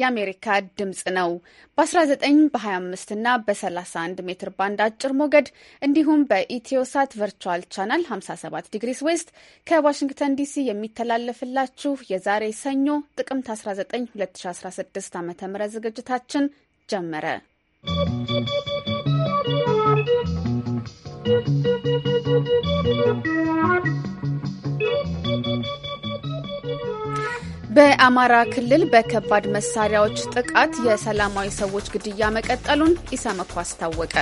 የአሜሪካ ድምፅ ነው። በ19 በ25 እና በ31 ሜትር ባንድ አጭር ሞገድ እንዲሁም በኢትዮሳት ቨርቹዋል ቻናል 57 ዲግሪስ ዌስት ከዋሽንግተን ዲሲ የሚተላለፍላችሁ የዛሬ ሰኞ ጥቅምት 19 2016 ዓ ም ዝግጅታችን ጀመረ። ¶¶ በአማራ ክልል በከባድ መሳሪያዎች ጥቃት የሰላማዊ ሰዎች ግድያ መቀጠሉን ኢሰመኮ አስታወቀ።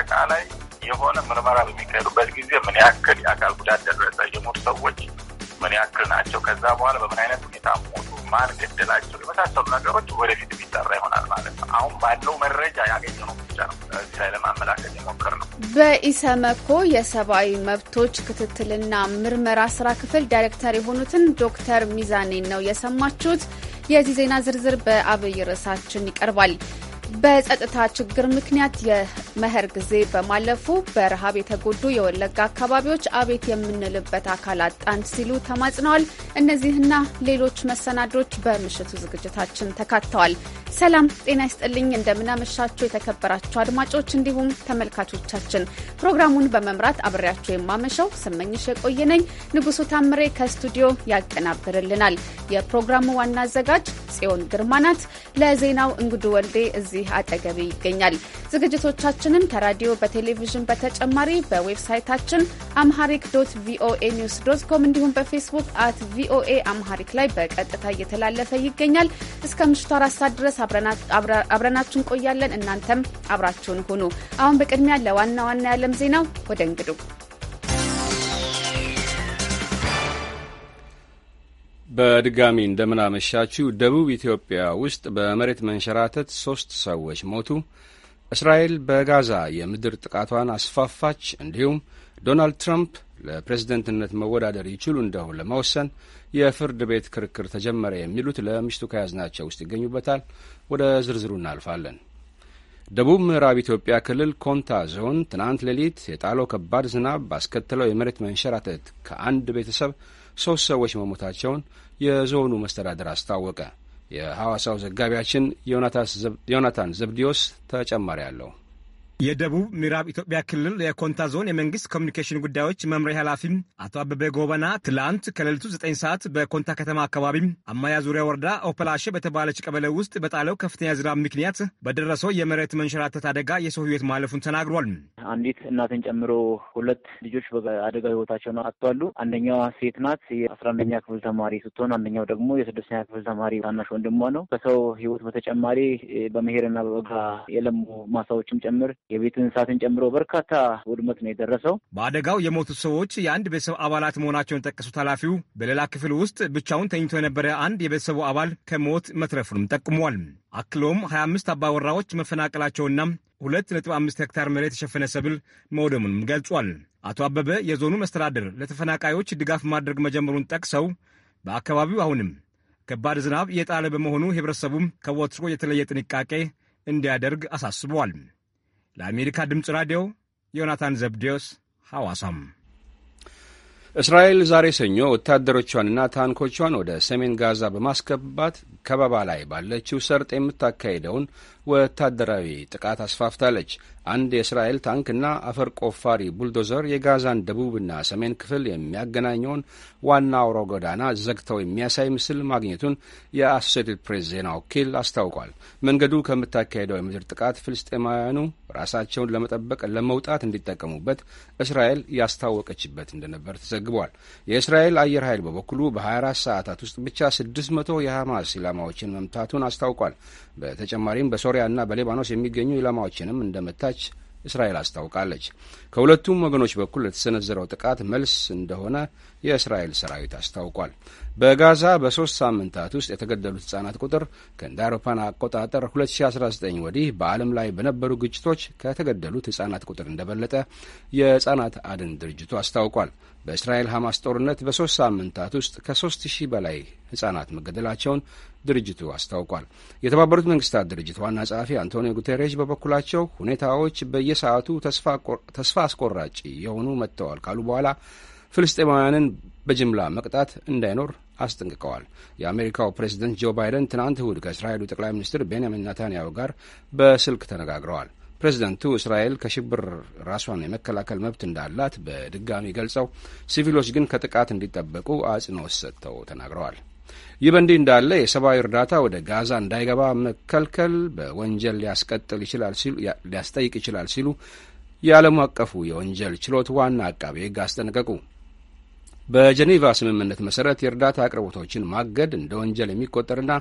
አጠቃላይ የሆነ ምርመራ በሚካሄዱበት ጊዜ ምን ያክል የአካል ጉዳት ደረሰ፣ የሞቱ ሰዎች ምን ያክል ናቸው፣ ከዛ በኋላ በምን አይነት ሁኔታ ሞቱ፣ ማን ገደላቸው የመሳሰሉ ነገሮች ወደፊት የሚጠራ ይሆናል ማለት ነው። አሁን ባለው መረጃ ያገኘነው ብቻ ነው እዚህ ላይ ለማመላከት ነው። በኢሰመኮ የሰብአዊ መብቶች ክትትልና ምርመራ ስራ ክፍል ዳይሬክተር የሆኑትን ዶክተር ሚዛኔን ነው የሰማችሁት። የዚህ ዜና ዝርዝር በአብይ ርዕሳችን ይቀርባል። በጸጥታ ችግር ምክንያት የመኸር ጊዜ በማለፉ በረሃብ የተጎዱ የወለጋ አካባቢዎች አቤት የምንልበት አካል አጣን ሲሉ ተማጽነዋል። እነዚህና ሌሎች መሰናዶች በምሽቱ ዝግጅታችን ተካተዋል። ሰላም ጤና ይስጥልኝ። እንደምናመሻችሁ የተከበራችሁ አድማጮች እንዲሁም ተመልካቾቻችን። ፕሮግራሙን በመምራት አብሬያችሁ የማመሸው ስመኝሽ የቆየ ነኝ። ንጉሱ ታምሬ ከስቱዲዮ ያቀናብርልናል። የፕሮግራሙ ዋና አዘጋጅ ጽዮን ግርማ ናት። ለዜናው እንግዱ ወልዴ እዚ እዚህ አጠገቤ ይገኛል። ዝግጅቶቻችንን ከራዲዮ በቴሌቪዥን በተጨማሪ በዌብሳይታችን አምሃሪክ ዶት ቪኦኤ ኒውስ ዶት ኮም እንዲሁም በፌስቡክ አት ቪኦኤ አምሃሪክ ላይ በቀጥታ እየተላለፈ ይገኛል። እስከ ምሽቱ አራት ሰዓት ድረስ አብረናችሁ እንቆያለን። እናንተም አብራችሁን ሁኑ። አሁን በቅድሚያ ለዋና ዋና የዓለም ዜናው ወደ እንግዱ በድጋሚ እንደምናመሻችው ደቡብ ኢትዮጵያ ውስጥ በመሬት መንሸራተት ሶስት ሰዎች ሞቱ። እስራኤል በጋዛ የምድር ጥቃቷን አስፋፋች። እንዲሁም ዶናልድ ትራምፕ ለፕሬዝደንትነት መወዳደር ይችሉ እንደሆን ለመወሰን የፍርድ ቤት ክርክር ተጀመረ። የሚሉት ለምሽቱ ከያዝናቸው ውስጥ ይገኙበታል። ወደ ዝርዝሩ እናልፋለን። ደቡብ ምዕራብ ኢትዮጵያ ክልል ኮንታ ዞን ትናንት ሌሊት የጣለው ከባድ ዝናብ ባስከተለው የመሬት መንሸራተት ከአንድ ቤተሰብ ሶስት ሰዎች መሞታቸውን የዞኑ መስተዳደር አስታወቀ። የሐዋሳው ዘጋቢያችን ዮናታን ዘብዲዮስ ተጨማሪ አለው። የደቡብ ምዕራብ ኢትዮጵያ ክልል የኮንታ ዞን የመንግስት ኮሚኒኬሽን ጉዳዮች መምሪያ ኃላፊ አቶ አበበ ጎበና ትላንት ከሌሊቱ 9 ሰዓት በኮንታ ከተማ አካባቢ አማያ ዙሪያ ወረዳ ኦፕላሸ በተባለች ቀበሌ ውስጥ በጣለው ከፍተኛ ዝናብ ምክንያት በደረሰው የመሬት መንሸራተት አደጋ የሰው ህይወት ማለፉን ተናግሯል። አንዲት እናትን ጨምሮ ሁለት ልጆች በአደጋ ህይወታቸውን አጥተዋል። አንደኛዋ ሴት ናት፣ የአስራ አንደኛ ክፍል ተማሪ ስትሆን አንደኛው ደግሞ የስድስተኛ ክፍል ተማሪ ታናሽ ወንድሟ ነው። ከሰው ህይወት በተጨማሪ በመሄርና በበጋ የለሙ ማሳዎችም ጭምር የቤት እንስሳትን ጨምሮ በርካታ ውድመት ነው የደረሰው። በአደጋው የሞቱት ሰዎች የአንድ ቤተሰብ አባላት መሆናቸውን ጠቀሱት ኃላፊው። በሌላ ክፍል ውስጥ ብቻውን ተኝቶ የነበረ አንድ የቤተሰቡ አባል ከሞት መትረፉንም ጠቁሟል። አክሎም 25 አባወራዎች መፈናቀላቸውና 2.5 ሄክታር መሬት የተሸፈነ ሰብል መውደሙንም ገልጿል። አቶ አበበ የዞኑ መስተዳደር ለተፈናቃዮች ድጋፍ ማድረግ መጀመሩን ጠቅሰው በአካባቢው አሁንም ከባድ ዝናብ እየጣለ በመሆኑ ህብረተሰቡም ከወትሮ የተለየ ጥንቃቄ እንዲያደርግ አሳስበዋል። ለአሜሪካ ድምፅ ራዲዮ ዮናታን ዘብዴዎስ ሐዋሳም። እስራኤል ዛሬ ሰኞ ወታደሮቿንና ታንኮቿን ወደ ሰሜን ጋዛ በማስገባት ከበባ ላይ ባለችው ሰርጥ የምታካሄደውን ወታደራዊ ጥቃት አስፋፍታለች። አንድ የእስራኤል ታንክና አፈር ቆፋሪ ቡልዶዘር የጋዛን ደቡብና ሰሜን ክፍል የሚያገናኘውን ዋና ውሮ ጎዳና ዘግተው የሚያሳይ ምስል ማግኘቱን የአሶሴትድ ፕሬስ ዜና ወኪል አስታውቋል። መንገዱ ከምታካሄደው የምድር ጥቃት ፍልስጤማውያኑ ራሳቸውን ለመጠበቅ ለመውጣት እንዲጠቀሙበት እስራኤል ያስታወቀችበት እንደነበር ተዘግቧል። የእስራኤል አየር ኃይል በበኩሉ በ24 ሰዓታት ውስጥ ብቻ 600 የሐማስ ኢላማዎችን መምታቱን አስታውቋል። በተጨማሪም በሶሪያና በሌባኖስ የሚገኙ ኢላማዎችንም እንደመታች እስራኤል አስታውቃለች። ከሁለቱም ወገኖች በኩል ለተሰነዘረው ጥቃት መልስ እንደሆነ የእስራኤል ሰራዊት አስታውቋል። በጋዛ በሶስት ሳምንታት ውስጥ የተገደሉት ህጻናት ቁጥር ከእንደ አውሮፓን አቆጣጠር 2019 ወዲህ በዓለም ላይ በነበሩ ግጭቶች ከተገደሉት ህጻናት ቁጥር እንደበለጠ የህጻናት አድን ድርጅቱ አስታውቋል። በእስራኤል ሐማስ ጦርነት በሦስት ሳምንታት ውስጥ 3 ሺህ በላይ ህጻናት መገደላቸውን ድርጅቱ አስታውቋል። የተባበሩት መንግስታት ድርጅት ዋና ጸሐፊ አንቶኒዮ ጉቴሬሽ በበኩላቸው ሁኔታዎች በየሰዓቱ ተስፋ አስቆራጭ የሆኑ መጥተዋል ካሉ በኋላ ፍልስጤማውያንን በጅምላ መቅጣት እንዳይኖር አስጠንቅቀዋል። የአሜሪካው ፕሬዚደንት ጆ ባይደን ትናንት እሁድ ከእስራኤሉ ጠቅላይ ሚኒስትር ቤንያሚን ናታንያሁ ጋር በስልክ ተነጋግረዋል። ፕሬዚደንቱ እስራኤል ከሽብር ራሷን የመከላከል መብት እንዳላት በድጋሚ ገልጸው ሲቪሎች ግን ከጥቃት እንዲጠበቁ አጽንኦት ሰጥተው ተናግረዋል። ይህ በእንዲህ እንዳለ የሰብአዊ እርዳታ ወደ ጋዛ እንዳይገባ መከልከል በወንጀል ሊያስቀጥል ይችላል ሲሉ ሊያስጠይቅ ይችላል ሲሉ የዓለም አቀፉ የወንጀል ችሎት ዋና አቃቤ ሕግ አስጠነቀቁ። በጀኔቫ ስምምነት መሰረት የእርዳታ አቅርቦቶችን ማገድ እንደ ወንጀል የሚቆጠርና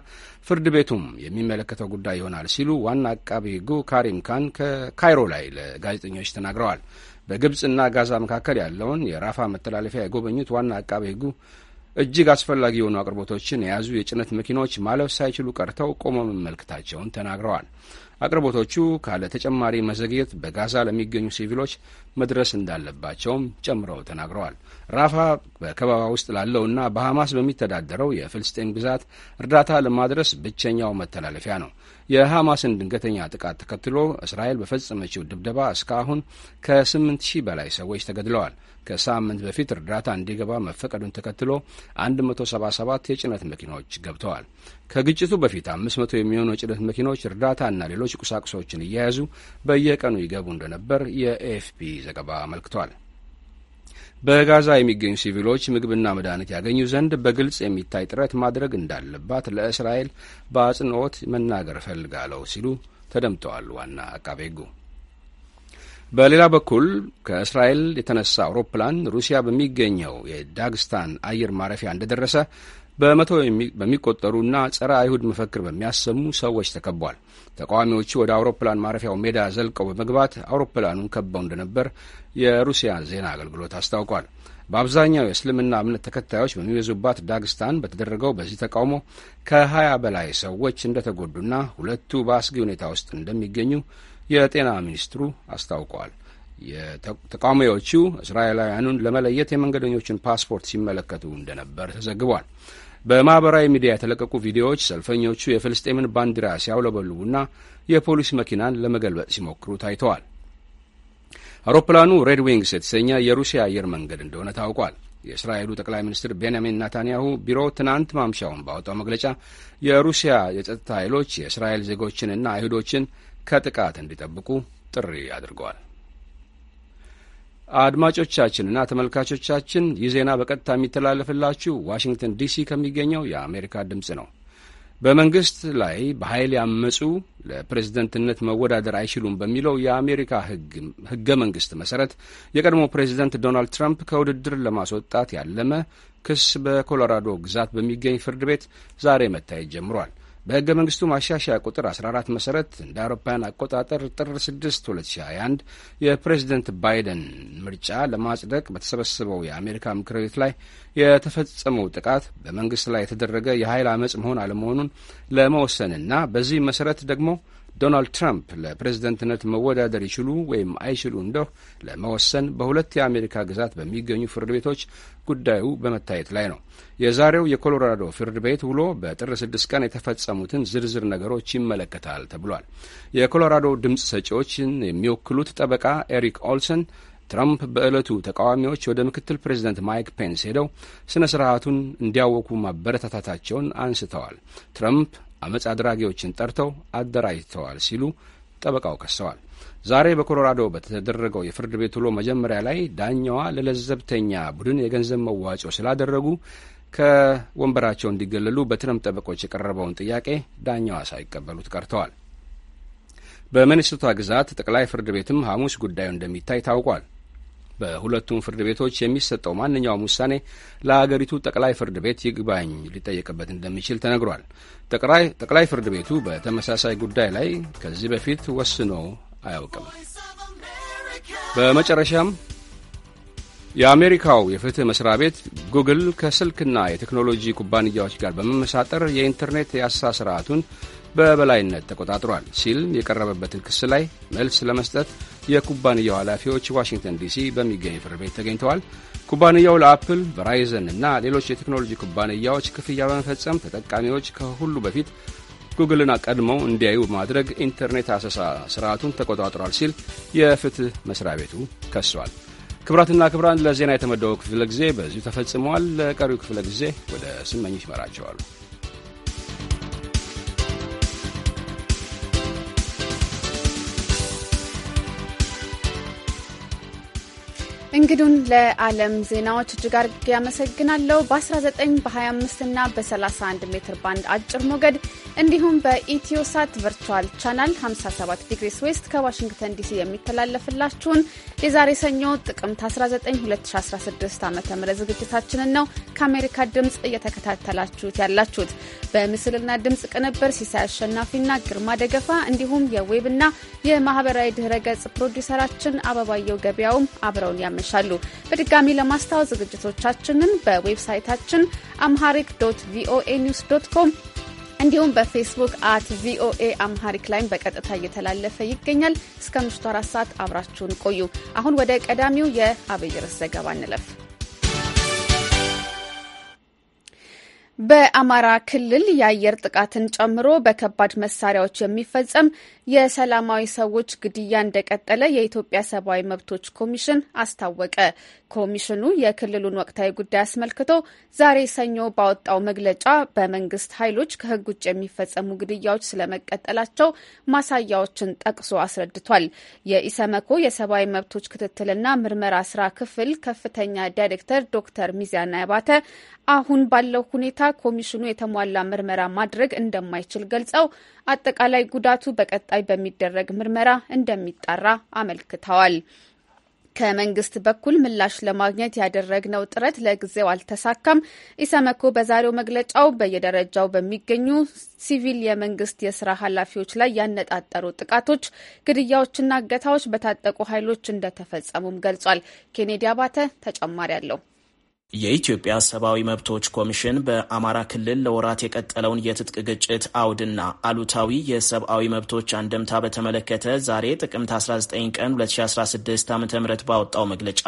ፍርድ ቤቱም የሚመለከተው ጉዳይ ይሆናል ሲሉ ዋና አቃቢ ሕጉ ካሪም ካን ከካይሮ ላይ ለጋዜጠኞች ተናግረዋል። በግብፅና ጋዛ መካከል ያለውን የራፋ መተላለፊያ የጎበኙት ዋና አቃቢ ሕጉ እጅግ አስፈላጊ የሆኑ አቅርቦቶችን የያዙ የጭነት መኪኖች ማለፍ ሳይችሉ ቀርተው ቆመው መመልከታቸውን ተናግረዋል። አቅርቦቶቹ ካለ ተጨማሪ መዘግየት በጋዛ ለሚገኙ ሲቪሎች መድረስ እንዳለባቸውም ጨምረው ተናግረዋል። ራፋ በከበባ ውስጥ ላለውና በሐማስ በሚተዳደረው የፍልስጤን ግዛት እርዳታ ለማድረስ ብቸኛው መተላለፊያ ነው። የሐማስን ድንገተኛ ጥቃት ተከትሎ እስራኤል በፈጸመችው ድብደባ እስካሁን ከ8 ሺህ በላይ ሰዎች ተገድለዋል። ከሳምንት በፊት እርዳታ እንዲገባ መፈቀዱን ተከትሎ 177 የጭነት መኪናዎች ገብተዋል። ከግጭቱ በፊት 500 የሚሆኑ የጭነት መኪናዎች እርዳታና ሌሎች ቁሳቁሶችን እየያዙ በየቀኑ ይገቡ እንደነበር የኤኤፍፒ ዘገባ አመልክቷል። በጋዛ የሚገኙ ሲቪሎች ምግብና መድኃኒት ያገኙ ዘንድ በግልጽ የሚታይ ጥረት ማድረግ እንዳለባት ለእስራኤል በአጽንኦት መናገር እፈልጋለሁ ሲሉ ተደምጠዋል ዋና አቃቤ ሕጉ። በሌላ በኩል ከእስራኤል የተነሳ አውሮፕላን ሩሲያ በሚገኘው የዳግስታን አየር ማረፊያ እንደደረሰ በመቶ በሚቆጠሩና ጸረ አይሁድ መፈክር በሚያሰሙ ሰዎች ተከቧል። ተቃዋሚዎቹ ወደ አውሮፕላን ማረፊያው ሜዳ ዘልቀው በመግባት አውሮፕላኑን ከበው እንደነበር የሩሲያ ዜና አገልግሎት አስታውቋል። በአብዛኛው የእስልምና እምነት ተከታዮች በሚበዙባት ዳግስታን በተደረገው በዚህ ተቃውሞ ከ20 በላይ ሰዎች እንደተጎዱና ሁለቱ በአስጊ ሁኔታ ውስጥ እንደሚገኙ የጤና ሚኒስትሩ አስታውቀዋል። ተቃዋሚዎቹ እስራኤላውያኑን ለመለየት የመንገደኞችን ፓስፖርት ሲመለከቱ እንደነበር ተዘግቧል። በማኅበራዊ ሚዲያ የተለቀቁ ቪዲዮዎች ሰልፈኞቹ የፍልስጤምን ባንዲራ ሲያውለበልቡና የፖሊስ መኪናን ለመገልበጥ ሲሞክሩ ታይተዋል። አውሮፕላኑ ሬድ ዊንግስ የተሰኘ የሩሲያ አየር መንገድ እንደሆነ ታውቋል። የእስራኤሉ ጠቅላይ ሚኒስትር ቤንያሚን ናታንያሁ ቢሮ ትናንት ማምሻውን ባወጣው መግለጫ የሩሲያ የጸጥታ ኃይሎች የእስራኤል ዜጎችንና አይሁዶችን ከጥቃት እንዲጠብቁ ጥሪ አድርገዋል። አድማጮቻችንና ተመልካቾቻችን ይህ ዜና በቀጥታ የሚተላለፍላችሁ ዋሽንግተን ዲሲ ከሚገኘው የአሜሪካ ድምፅ ነው። በመንግስት ላይ በኃይል ያመፁ ለፕሬዝደንትነት መወዳደር አይችሉም በሚለው የአሜሪካ ህገ መንግስት መሰረት የቀድሞ ፕሬዝደንት ዶናልድ ትራምፕ ከውድድር ለማስወጣት ያለመ ክስ በኮሎራዶ ግዛት በሚገኝ ፍርድ ቤት ዛሬ መታየት ጀምሯል። በሕገ መንግስቱ ማሻሻያ ቁጥር 14 መሠረት እንደ አውሮፓውያን አቆጣጠር ጥር 6 2021 የፕሬዝደንት ባይደን ምርጫ ለማጽደቅ በተሰበሰበው የአሜሪካ ምክር ቤት ላይ የተፈጸመው ጥቃት በመንግስት ላይ የተደረገ የኃይል አመፅ መሆን አለመሆኑን ለመወሰንና በዚህ መሠረት ደግሞ ዶናልድ ትራምፕ ለፕሬዝደንትነት መወዳደር ይችሉ ወይም አይችሉ እንደው ለመወሰን በሁለት የአሜሪካ ግዛት በሚገኙ ፍርድ ቤቶች ጉዳዩ በመታየት ላይ ነው። የዛሬው የኮሎራዶ ፍርድ ቤት ውሎ በጥር ስድስት ቀን የተፈጸሙትን ዝርዝር ነገሮች ይመለከታል ተብሏል። የኮሎራዶ ድምፅ ሰጪዎችን የሚወክሉት ጠበቃ ኤሪክ ኦልሰን ትራምፕ በዕለቱ ተቃዋሚዎች ወደ ምክትል ፕሬዚደንት ማይክ ፔንስ ሄደው ስነ ስርዓቱን እንዲያወኩ ማበረታታታቸውን አንስተዋል። ትራምፕ አመፅ አድራጊዎችን ጠርተው አደራጅተዋል ሲሉ ጠበቃው ከሰዋል። ዛሬ በኮሎራዶ በተደረገው የፍርድ ቤት ውሎ መጀመሪያ ላይ ዳኛዋ ለለዘብተኛ ቡድን የገንዘብ መዋጮ ስላደረጉ ከወንበራቸው እንዲገለሉ በትረምፕ ጠበቆች የቀረበውን ጥያቄ ዳኛዋ ሳይቀበሉት ቀርተዋል። በሚኒሶታ ግዛት ጠቅላይ ፍርድ ቤትም ሐሙስ ጉዳዩ እንደሚታይ ታውቋል። በሁለቱም ፍርድ ቤቶች የሚሰጠው ማንኛውም ውሳኔ ለአገሪቱ ጠቅላይ ፍርድ ቤት ይግባኝ ሊጠየቅበት እንደሚችል ተነግሯል። ጠቅላይ ፍርድ ቤቱ በተመሳሳይ ጉዳይ ላይ ከዚህ በፊት ወስኖ አያውቅም። በመጨረሻም የአሜሪካው የፍትህ መስሪያ ቤት ጉግል ከስልክና የቴክኖሎጂ ኩባንያዎች ጋር በመመሳጠር የኢንተርኔት የአሳ ስርዓቱን በበላይነት ተቆጣጥሯል ሲል የቀረበበትን ክስ ላይ መልስ ለመስጠት የኩባንያው ኃላፊዎች ዋሽንግተን ዲሲ በሚገኝ ፍርድ ቤት ተገኝተዋል። ኩባንያው ለአፕል፣ ቨራይዘን እና ሌሎች የቴክኖሎጂ ኩባንያዎች ክፍያ በመፈጸም ተጠቃሚዎች ከሁሉ በፊት ጉግልን ቀድመው እንዲያዩ በማድረግ ኢንተርኔት አሰሳ ስርዓቱን ተቆጣጥሯል ሲል የፍትህ መስሪያ ቤቱ ከሷል። ክብራትና ክብራን ለዜና የተመደበው ክፍለ ጊዜ በዚሁ ተፈጽመዋል። ለቀሪው ክፍለ ጊዜ ወደ ስመኝሽ ይመራቸዋሉ። እንግዱን ለዓለም ዜናዎች እጅግ አድርጌ ያመሰግናለሁ። በ19 በ25 እና በ31 ሜትር ባንድ አጭር ሞገድ እንዲሁም በኢትዮሳት ቨርቹዋል ቻናል 57 ዲግሪ ስዌስት ከዋሽንግተን ዲሲ የሚተላለፍላችሁን የዛሬ ሰኞ ጥቅምት 19 2016 ዓ ም ዝግጅታችንን ነው ከአሜሪካ ድምፅ እየተከታተላችሁት ያላችሁት። በምስልና ድምፅ ቅንብር ሲሳይ አሸናፊና ግርማ ደገፋ እንዲሁም የዌብና የማህበራዊ ድህረ ገጽ ፕሮዲውሰራችን አበባየው ገበያውም አብረውን ያመ ያመሻሉ። በድጋሚ ለማስታወስ ዝግጅቶቻችንን በዌብሳይታችን አምሃሪክ ዶት ቪኦኤ ኒውስ ዶት ኮም እንዲሁም በፌስቡክ አት ቪኦኤ አምሃሪክ ላይም በቀጥታ እየተላለፈ ይገኛል። እስከ ምሽቱ አራት ሰዓት አብራችሁን ቆዩ። አሁን ወደ ቀዳሚው የአብይ ርዕስ ዘገባ እንለፍ። በአማራ ክልል የአየር ጥቃትን ጨምሮ በከባድ መሳሪያዎች የሚፈጸም የሰላማዊ ሰዎች ግድያ እንደቀጠለ የኢትዮጵያ ሰብአዊ መብቶች ኮሚሽን አስታወቀ። ኮሚሽኑ የክልሉን ወቅታዊ ጉዳይ አስመልክቶ ዛሬ ሰኞ ባወጣው መግለጫ በመንግስት ኃይሎች ከህግ ውጭ የሚፈጸሙ ግድያዎች ስለመቀጠላቸው ማሳያዎችን ጠቅሶ አስረድቷል። የኢሰመኮ የሰብአዊ መብቶች ክትትልና ምርመራ ስራ ክፍል ከፍተኛ ዳይሬክተር ዶክተር ሚዛና ያባተ አሁን ባለው ሁኔታ ኮሚሽኑ የተሟላ ምርመራ ማድረግ እንደማይችል ገልጸው አጠቃላይ ጉዳቱ በቀጣይ በሚደረግ ምርመራ እንደሚጣራ አመልክተዋል። ከመንግስት በኩል ምላሽ ለማግኘት ያደረግነው ጥረት ለጊዜው አልተሳካም። ኢሰመኮ በዛሬው መግለጫው በየደረጃው በሚገኙ ሲቪል የመንግስት የስራ ኃላፊዎች ላይ ያነጣጠሩ ጥቃቶች፣ ግድያዎችና እገታዎች በታጠቁ ኃይሎች እንደተፈጸሙም ገልጿል። ኬኔዲ አባተ ተጨማሪ አለው። የኢትዮጵያ ሰብአዊ መብቶች ኮሚሽን በአማራ ክልል ለወራት የቀጠለውን የትጥቅ ግጭት አውድና አሉታዊ የሰብአዊ መብቶች አንድምታ በተመለከተ ዛሬ ጥቅምት 19 ቀን 2016 ዓ ም ባወጣው መግለጫ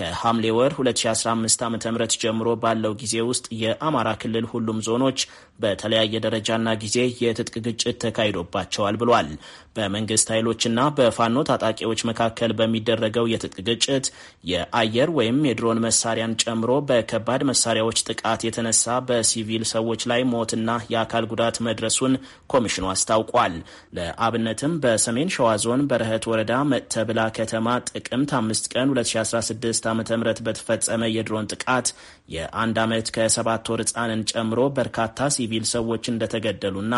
ከሐምሌ ወር 2015 ዓ ም ጀምሮ ባለው ጊዜ ውስጥ የአማራ ክልል ሁሉም ዞኖች በተለያየ ደረጃና ጊዜ የትጥቅ ግጭት ተካሂዶባቸዋል ብሏል። በመንግስት ኃይሎችና በፋኖ ታጣቂዎች መካከል በሚደረገው የትጥቅ ግጭት የአየር ወይም የድሮን መሳሪያን ጨምሮ በከባድ መሳሪያዎች ጥቃት የተነሳ በሲቪል ሰዎች ላይ ሞትና የአካል ጉዳት መድረሱን ኮሚሽኑ አስታውቋል። ለአብነትም በሰሜን ሸዋ ዞን በረህት ወረዳ መተብላ ከተማ ጥቅምት 5 ቀን 2016 ዓ ም በተፈጸመ የድሮን ጥቃት የአንድ ዓመት ከሰባት ወር ሕፃንን ጨምሮ በርካታ ሲቪል ሰዎች እንደተገደሉና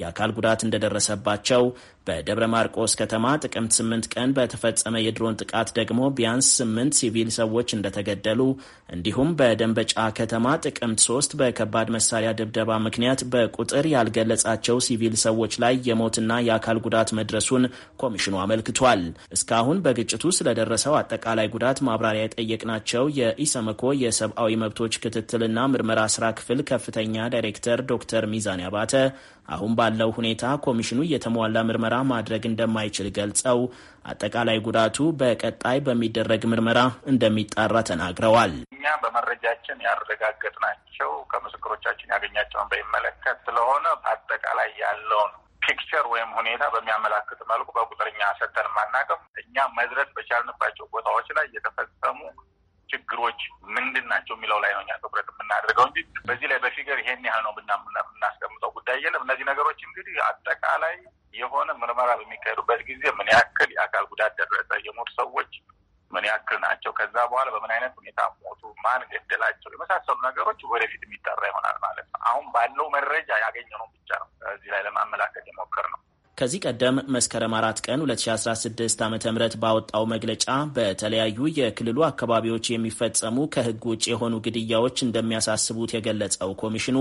የአካል ጉዳት እንደደረሰባቸው በደብረ ማርቆስ ከተማ ጥቅምት 8 ቀን በተፈጸመ የድሮን ጥቃት ደግሞ ቢያንስ 8 ሲቪል ሰዎች እንደተገደሉ እንዲሁም በደንበጫ ከተማ ጥቅምት 3 በከባድ መሳሪያ ድብደባ ምክንያት በቁጥር ያልገለጻቸው ሲቪል ሰዎች ላይ የሞትና የአካል ጉዳት መድረሱን ኮሚሽኑ አመልክቷል። እስካሁን በግጭቱ ስለደረሰው አጠቃላይ ጉዳት ማብራሪያ የጠየቅናቸው የኢሰመኮ የሰብአዊ መብቶች ክትትልና ምርመራ ስራ ክፍል ከፍተኛ ዳይሬክተር ዶክተር ሚዛኔ አባተ አሁን ባለው ሁኔታ ኮሚሽኑ የተሟላ ምርመራ ማድረግ እንደማይችል ገልጸው አጠቃላይ ጉዳቱ በቀጣይ በሚደረግ ምርመራ እንደሚጣራ ተናግረዋል። እኛ በመረጃችን ያረጋገጥናቸው ከምስክሮቻችን ያገኛቸውን በሚመለከት ስለሆነ አጠቃላይ ያለውን ፒክቸር ወይም ሁኔታ በሚያመላክት መልኩ በቁጥርኛ ሰተን ማናቀም እኛ መድረስ በቻልንባቸው ቦታዎች ላይ የተፈጸሙ ችግሮች ምንድን ናቸው የሚለው ላይ ነው እኛ ትኩረት የምናደርገው እንጂ በዚህ ላይ በፊገር ይሄን ያህል ነው የምናስቀምጠው ጉዳይ የለም። እነዚህ ነገሮች እንግዲህ አጠቃላይ የሆነ ምርመራ በሚካሄዱበት ጊዜ ምን ያክል የአካል ጉዳት ደረሰ፣ የሞቱ ሰዎች ምን ያክል ናቸው፣ ከዛ በኋላ በምን አይነት ሁኔታ ሞቱ፣ ማን ገደላቸው፣ የመሳሰሉ ነገሮች ወደፊት የሚጠራ ይሆናል ማለት ነው። አሁን ባለው መረጃ ያገኘነው ብቻ ነው እዚህ ላይ ለማመላከት የሞከርነው። ከዚህ ቀደም መስከረም አራት ቀን 2016 ዓ ም ባወጣው መግለጫ በተለያዩ የክልሉ አካባቢዎች የሚፈጸሙ ከህግ ውጭ የሆኑ ግድያዎች እንደሚያሳስቡት የገለጸው ኮሚሽኑ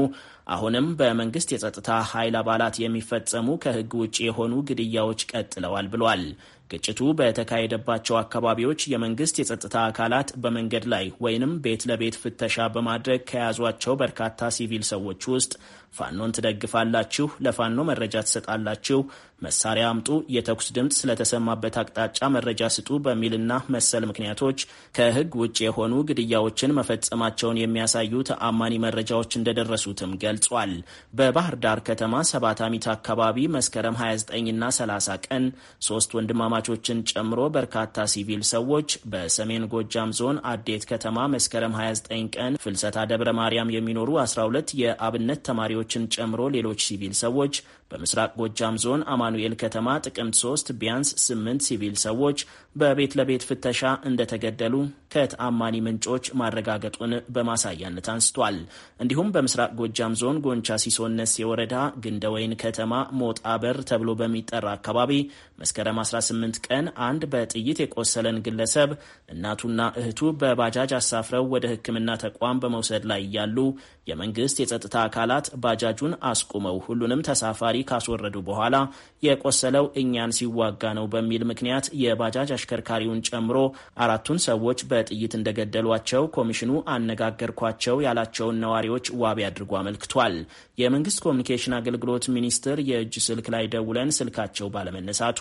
አሁንም በመንግስት የጸጥታ ኃይል አባላት የሚፈጸሙ ከህግ ውጭ የሆኑ ግድያዎች ቀጥለዋል ብሏል። ግጭቱ በተካሄደባቸው አካባቢዎች የመንግስት የጸጥታ አካላት በመንገድ ላይ ወይንም ቤት ለቤት ፍተሻ በማድረግ ከያዟቸው በርካታ ሲቪል ሰዎች ውስጥ ፋኖን ትደግፋላችሁ፣ ለፋኖ መረጃ ትሰጣላችሁ፣ መሳሪያ አምጡ፣ የተኩስ ድምፅ ስለተሰማበት አቅጣጫ መረጃ ስጡ በሚልና መሰል ምክንያቶች ከህግ ውጭ የሆኑ ግድያዎችን መፈጸማቸውን የሚያሳዩ ተአማኒ መረጃዎች እንደደረሱትም ገልጿል። በባህር ዳር ከተማ ሰባታሚት አካባቢ መስከረም 29ና 30 ቀን ሶስት ወንድማማቾችን ጨምሮ በርካታ ሲቪል ሰዎች በሰሜን ጎጃም ዞን አዴት ከተማ መስከረም 29 ቀን ፍልሰታ ደብረ ማርያም የሚኖሩ 12 የአብነት ተማሪዎች ነዋሪዎችን ጨምሮ ሌሎች ሲቪል ሰዎች በምስራቅ ጎጃም ዞን አማኑኤል ከተማ ጥቅምት 3 ቢያንስ 8 ሲቪል ሰዎች በቤት ለቤት ፍተሻ እንደተገደሉ ከተአማኒ ምንጮች ማረጋገጡን በማሳያነት አንስቷል። እንዲሁም በምስራቅ ጎጃም ዞን ጎንቻ ሲሶነስ የወረዳ ግንደወይን ከተማ ሞጣ በር ተብሎ በሚጠራ አካባቢ መስከረም 18 ቀን አንድ በጥይት የቆሰለን ግለሰብ እናቱና እህቱ በባጃጅ አሳፍረው ወደ ሕክምና ተቋም በመውሰድ ላይ እያሉ የመንግስት የጸጥታ አካላት ባጃጁን አስቁመው ሁሉንም ተሳፋሪ ተሽከርካሪ ካስወረዱ በኋላ የቆሰለው እኛን ሲዋጋ ነው በሚል ምክንያት የባጃጅ አሽከርካሪውን ጨምሮ አራቱን ሰዎች በጥይት እንደገደሏቸው ኮሚሽኑ አነጋገርኳቸው ያላቸውን ነዋሪዎች ዋቢ አድርጎ አመልክቷል። የመንግስት ኮሚኒኬሽን አገልግሎት ሚኒስትር የእጅ ስልክ ላይ ደውለን ስልካቸው ባለመነሳቱ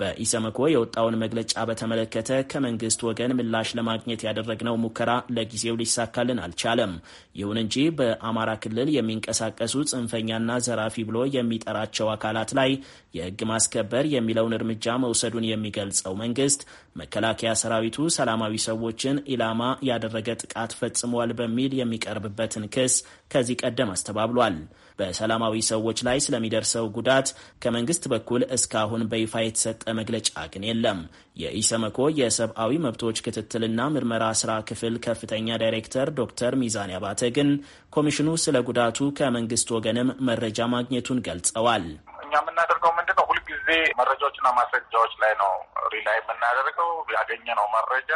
በኢሰመኮ የወጣውን መግለጫ በተመለከተ ከመንግስት ወገን ምላሽ ለማግኘት ያደረግነው ሙከራ ለጊዜው ሊሳካልን አልቻለም። ይሁን እንጂ በአማራ ክልል የሚንቀሳቀሱ ጽንፈኛና ዘራፊ ብሎ የሚጠ በሚፈጠራቸው አካላት ላይ የህግ ማስከበር የሚለውን እርምጃ መውሰዱን የሚገልጸው መንግስት መከላከያ ሰራዊቱ ሰላማዊ ሰዎችን ኢላማ ያደረገ ጥቃት ፈጽሟል በሚል የሚቀርብበትን ክስ ከዚህ ቀደም አስተባብሏል። በሰላማዊ ሰዎች ላይ ስለሚደርሰው ጉዳት ከመንግስት በኩል እስካሁን በይፋ የተሰጠ መግለጫ ግን የለም። የኢሰመኮ የሰብአዊ መብቶች ክትትልና ምርመራ ስራ ክፍል ከፍተኛ ዳይሬክተር ዶክተር ሚዛኔ አባተ ግን ኮሚሽኑ ስለ ጉዳቱ ከመንግስት ወገንም መረጃ ማግኘቱን ገልጸዋል። እኛ የምናደርገው ምንድን ነው? ሁልጊዜ መረጃዎችና ማስረጃዎች ላይ ነው ሪላይ የምናደርገው። ያገኘነው መረጃ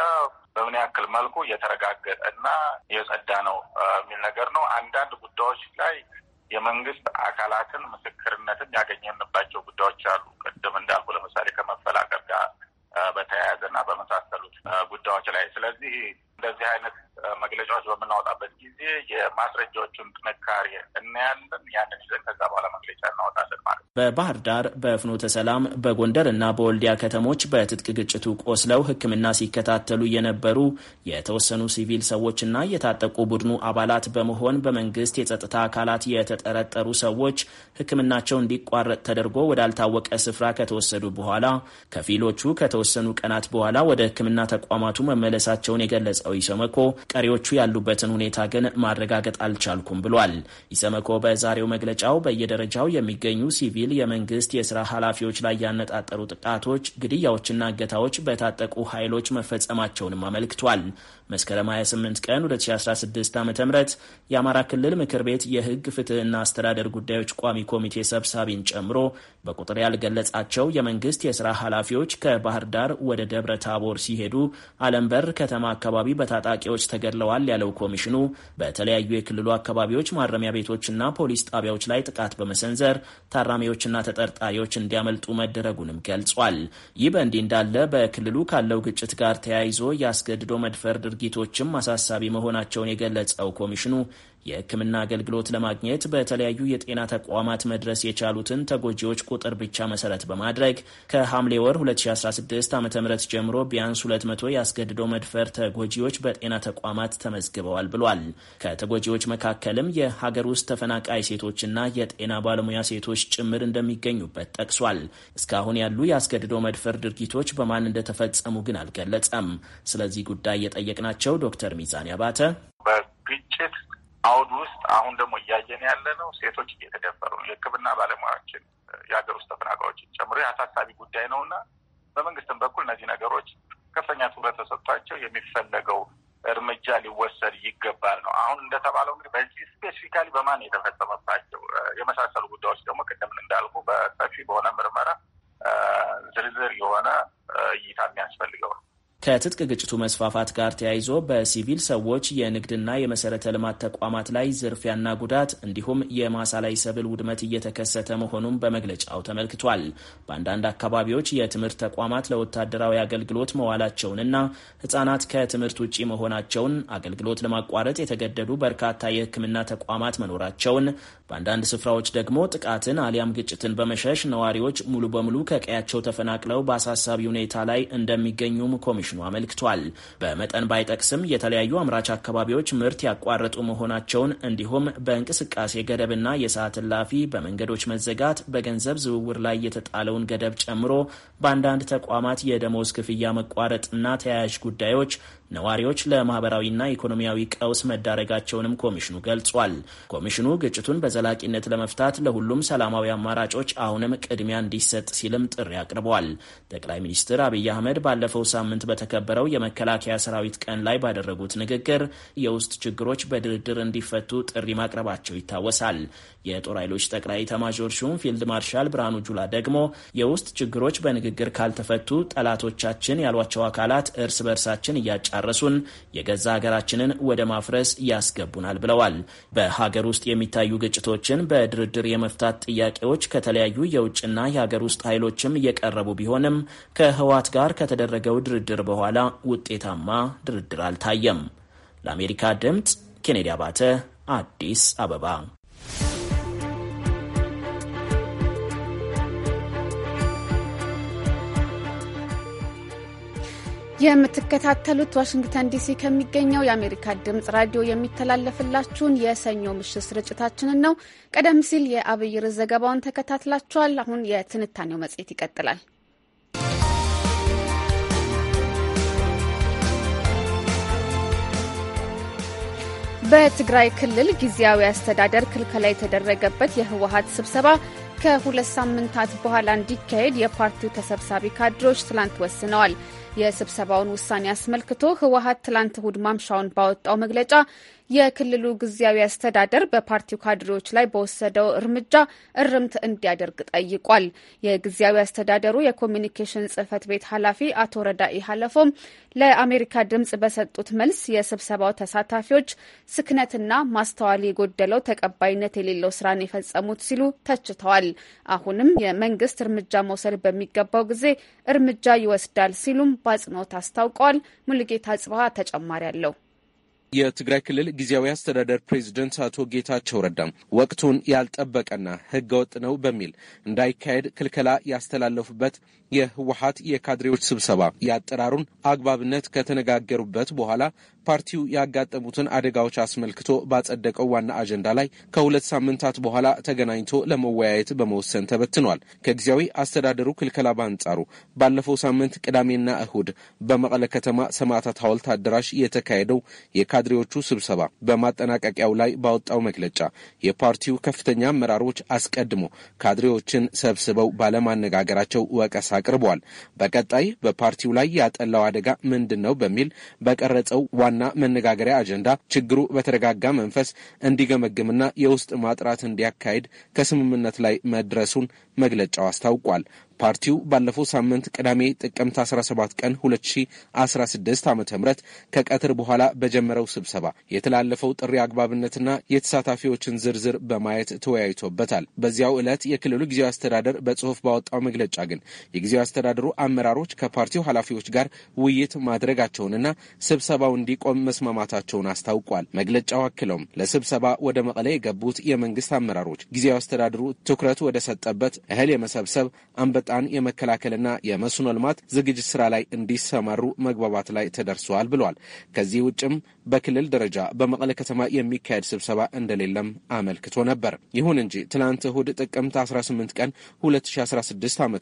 በምን ያክል መልኩ እየተረጋገጠ እና የጸዳ ነው የሚል ነገር ነው። አንዳንድ ጉዳዮች ላይ የመንግስት አካላትን ምስክርነትን ያገኘንባቸው ጉዳዮች አሉ። ቅድም እንዳልኩ ለምሳሌ ከመፈላቀል ጋር በተያያዘ እና በመሳሰሉት ጉዳዮች ላይ ስለዚህ እንደዚህ አይነት መግለጫዎች በምናወጣበት ጊዜ የማስረጃዎቹን ጥንካሬ እናያለን። ያንን ይዘን ከዛ በኋላ መግለጫ እናወጣለን ማለት ነው። በባህር ዳር፣ በፍኖተ ሰላም፣ በጎንደር እና በወልዲያ ከተሞች በትጥቅ ግጭቱ ቆስለው ሕክምና ሲከታተሉ የነበሩ የተወሰኑ ሲቪል ሰዎችና የታጠቁ ቡድኑ አባላት በመሆን በመንግስት የጸጥታ አካላት የተጠረጠሩ ሰዎች ሕክምናቸው እንዲቋረጥ ተደርጎ ወዳልታወቀ ስፍራ ከተወሰዱ በኋላ ከፊሎቹ ከተወሰኑ ቀናት በኋላ ወደ ሕክምና ተቋማቱ መመለሳቸውን የገለጸው ኢሰመኮ ቀሪዎቹ ያሉበትን ሁኔታ ግን ማረጋገጥ አልቻልኩም ብሏል። ኢሰመኮ በዛሬው መግለጫው በየደረጃው የሚገኙ ሲቪል የመንግስት የስራ ኃላፊዎች ላይ ያነጣጠሩ ጥቃቶች፣ ግድያዎችና እገታዎች በታጠቁ ኃይሎች መፈጸማቸውንም አመልክቷል። መስከረም 28 ቀን 2016 ዓ ም የአማራ ክልል ምክር ቤት የህግ ፍትህና አስተዳደር ጉዳዮች ቋሚ ኮሚቴ ሰብሳቢን ጨምሮ በቁጥር ያልገለጻቸው የመንግስት የስራ ኃላፊዎች ከባህር ዳር ወደ ደብረ ታቦር ሲሄዱ አለምበር ከተማ አካባቢ በታጣቂዎች ተገድለዋል ያለው ኮሚሽኑ በተለያዩ የክልሉ አካባቢዎች ማረሚያ ቤቶችና ፖሊስ ጣቢያዎች ላይ ጥቃት በመሰንዘር ታራሚዎችና ተጠርጣሪዎች እንዲያመልጡ መደረጉንም ገልጿል። ይህ በእንዲህ እንዳለ በክልሉ ካለው ግጭት ጋር ተያይዞ የአስገድዶ መድፈር ድርጊቶችም አሳሳቢ መሆናቸውን የገለጸው ኮሚሽኑ የሕክምና አገልግሎት ለማግኘት በተለያዩ የጤና ተቋማት መድረስ የቻሉትን ተጎጂዎች ቁጥር ብቻ መሰረት በማድረግ ከሐምሌ ወር 2016 ዓ ም ጀምሮ ቢያንስ 200 የአስገድዶ መድፈር ተጎጂዎች በጤና ተቋማት ተመዝግበዋል ብሏል። ከተጎጂዎች መካከልም የሀገር ውስጥ ተፈናቃይ ሴቶችና የጤና ባለሙያ ሴቶች ጭምር እንደሚገኙበት ጠቅሷል። እስካሁን ያሉ የአስገድዶ መድፈር ድርጊቶች በማን እንደተፈጸሙ ግን አልገለጸም። ስለዚህ ጉዳይ የጠየቅናቸው ዶክተር ሚዛን ያባተ በግጭት አውድ ውስጥ አሁን ደግሞ እያየን ያለ ነው። ሴቶች እየተደፈሩ ነው። የሕክምና ባለሙያዎችን የሀገር ውስጥ ተፈናቃዮችን ጨምሮ የአሳሳቢ ጉዳይ ነው እና በመንግስትም በኩል እነዚህ ነገሮች ከፍተኛ ትኩረት ተሰጥቷቸው የሚፈለገው እርምጃ ሊወሰድ ይገባል ነው። አሁን እንደተባለው እንግዲህ በዚህ ስፔሲፊካሊ በማን የተፈጸመባቸው የመሳሰሉ ጉዳዮች ደግሞ ቅድም እንዳልኩ በሰፊ በሆነ ምርመራ ዝርዝር የሆነ እይታ የሚያስፈልገው ነው። ከትጥቅ ግጭቱ መስፋፋት ጋር ተያይዞ በሲቪል ሰዎች የንግድና የመሰረተ ልማት ተቋማት ላይ ዝርፊያና ጉዳት እንዲሁም የማሳ ላይ ሰብል ውድመት እየተከሰተ መሆኑን በመግለጫው ተመልክቷል። በአንዳንድ አካባቢዎች የትምህርት ተቋማት ለወታደራዊ አገልግሎት መዋላቸውንና ህጻናት ከትምህርት ውጭ መሆናቸውን፣ አገልግሎት ለማቋረጥ የተገደዱ በርካታ የህክምና ተቋማት መኖራቸውን፣ በአንዳንድ ስፍራዎች ደግሞ ጥቃትን አሊያም ግጭትን በመሸሽ ነዋሪዎች ሙሉ በሙሉ ከቀያቸው ተፈናቅለው በአሳሳቢ ሁኔታ ላይ እንደሚገኙም ኮሚሽኑ ኮሚሽኑ አመልክቷል። በመጠን ባይጠቅስም የተለያዩ አምራች አካባቢዎች ምርት ያቋረጡ መሆናቸውን እንዲሁም በእንቅስቃሴ ገደብና የሰዓት እላፊ፣ በመንገዶች መዘጋት፣ በገንዘብ ዝውውር ላይ የተጣለውን ገደብ ጨምሮ በአንዳንድ ተቋማት የደሞዝ ክፍያ መቋረጥና ተያያዥ ጉዳዮች ነዋሪዎች ለማህበራዊና ኢኮኖሚያዊ ቀውስ መዳረጋቸውንም ኮሚሽኑ ገልጿል። ኮሚሽኑ ግጭቱን በዘላቂነት ለመፍታት ለሁሉም ሰላማዊ አማራጮች አሁንም ቅድሚያ እንዲሰጥ ሲልም ጥሪ አቅርበዋል። ጠቅላይ ሚኒስትር አብይ አህመድ ባለፈው ሳምንት በተከበረው የመከላከያ ሰራዊት ቀን ላይ ባደረጉት ንግግር የውስጥ ችግሮች በድርድር እንዲፈቱ ጥሪ ማቅረባቸው ይታወሳል። የጦር ኃይሎች ጠቅላይ ኤታማዦር ሹም ፊልድ ማርሻል ብርሃኑ ጁላ ደግሞ የውስጥ ችግሮች በንግግር ካልተፈቱ ጠላቶቻችን ያሏቸው አካላት እርስ በርሳችን እያጫ እያጣረሱን የገዛ ሀገራችንን ወደ ማፍረስ ያስገቡናል ብለዋል። በሀገር ውስጥ የሚታዩ ግጭቶችን በድርድር የመፍታት ጥያቄዎች ከተለያዩ የውጭና የሀገር ውስጥ ኃይሎችም እየቀረቡ ቢሆንም ከህወሓት ጋር ከተደረገው ድርድር በኋላ ውጤታማ ድርድር አልታየም። ለአሜሪካ ድምፅ ኬኔዲ አባተ አዲስ አበባ የምትከታተሉት ዋሽንግተን ዲሲ ከሚገኘው የአሜሪካ ድምጽ ራዲዮ የሚተላለፍላችሁን የሰኞ ምሽት ስርጭታችንን ነው። ቀደም ሲል የአብይር ዘገባውን ተከታትላችኋል። አሁን የትንታኔው መጽሔት ይቀጥላል። በትግራይ ክልል ጊዜያዊ አስተዳደር ክልከላ የተደረገበት የህወሀት ስብሰባ ከሁለት ሳምንታት በኋላ እንዲካሄድ የፓርቲው ተሰብሳቢ ካድሮች ትላንት ወስነዋል። የስብሰባውን ውሳኔ አስመልክቶ ህወሀት ትላንት እሁድ ማምሻውን ባወጣው መግለጫ የክልሉ ጊዜያዊ አስተዳደር በፓርቲው ካድሬዎች ላይ በወሰደው እርምጃ እርምት እንዲያደርግ ጠይቋል። የጊዜያዊ አስተዳደሩ የኮሚኒኬሽን ጽህፈት ቤት ኃላፊ አቶ ረዳኢ ሀለፎም ለአሜሪካ ድምጽ በሰጡት መልስ የስብሰባው ተሳታፊዎች ስክነትና ማስተዋል የጎደለው ተቀባይነት የሌለው ስራን የፈጸሙት ሲሉ ተችተዋል። አሁንም የመንግስት እርምጃ መውሰድ በሚገባው ጊዜ እርምጃ ይወስዳል ሲሉም በአጽንኦት አስታውቀዋል። ሙልጌታ ጽባህ ተጨማሪ አለው። የትግራይ ክልል ጊዜያዊ አስተዳደር ፕሬዚደንት አቶ ጌታቸው ረዳም ወቅቱን ያልጠበቀና ህገወጥ ነው በሚል እንዳይካሄድ ክልከላ ያስተላለፉበት የህወሀት የካድሬዎች ስብሰባ የአጠራሩን አግባብነት ከተነጋገሩበት በኋላ ፓርቲው ያጋጠሙትን አደጋዎች አስመልክቶ ባጸደቀው ዋና አጀንዳ ላይ ከሁለት ሳምንታት በኋላ ተገናኝቶ ለመወያየት በመወሰን ተበትኗል። ከጊዜያዊ አስተዳደሩ ክልከላ በአንጻሩ ባለፈው ሳምንት ቅዳሜና እሁድ በመቀለ ከተማ ሰማዕታት ሐውልት አዳራሽ የተካሄደው የካድሬዎቹ ስብሰባ በማጠናቀቂያው ላይ ባወጣው መግለጫ የፓርቲው ከፍተኛ አመራሮች አስቀድሞ ካድሬዎችን ሰብስበው ባለማነጋገራቸው ወቀሳ አቅርበዋል። በቀጣይ በፓርቲው ላይ ያጠላው አደጋ ምንድን ነው በሚል በቀረጸው ዋና ዋና መነጋገሪያ አጀንዳ ችግሩ በተረጋጋ መንፈስ እንዲገመግምና የውስጥ ማጥራት እንዲያካሄድ ከስምምነት ላይ መድረሱን መግለጫው አስታውቋል። ፓርቲው ባለፈው ሳምንት ቅዳሜ ጥቅምት 17 ቀን 2016 ዓ ም ከቀትር በኋላ በጀመረው ስብሰባ የተላለፈው ጥሪ አግባብነትና የተሳታፊዎችን ዝርዝር በማየት ተወያይቶበታል። በዚያው ዕለት የክልሉ ጊዜያዊ አስተዳደር በጽሑፍ ባወጣው መግለጫ ግን የጊዜያዊ አስተዳደሩ አመራሮች ከፓርቲው ኃላፊዎች ጋር ውይይት ማድረጋቸውንና ስብሰባው እንዲቆም መስማማታቸውን አስታውቋል። መግለጫው አክለውም ለስብሰባ ወደ መቀለ የገቡት የመንግስት አመራሮች ጊዜያዊ አስተዳደሩ ትኩረት ወደ ሰጠበት እህል የመሰብሰብ አንበ እጣን የመከላከልና የመስኖ ልማት ዝግጅት ስራ ላይ እንዲሰማሩ መግባባት ላይ ተደርሰዋል ብለዋል። ከዚህ ውጭም በክልል ደረጃ በመቀለ ከተማ የሚካሄድ ስብሰባ እንደሌለም አመልክቶ ነበር። ይሁን እንጂ ትናንት እሁድ ጥቅምት 18 ቀን 2016 ዓ ም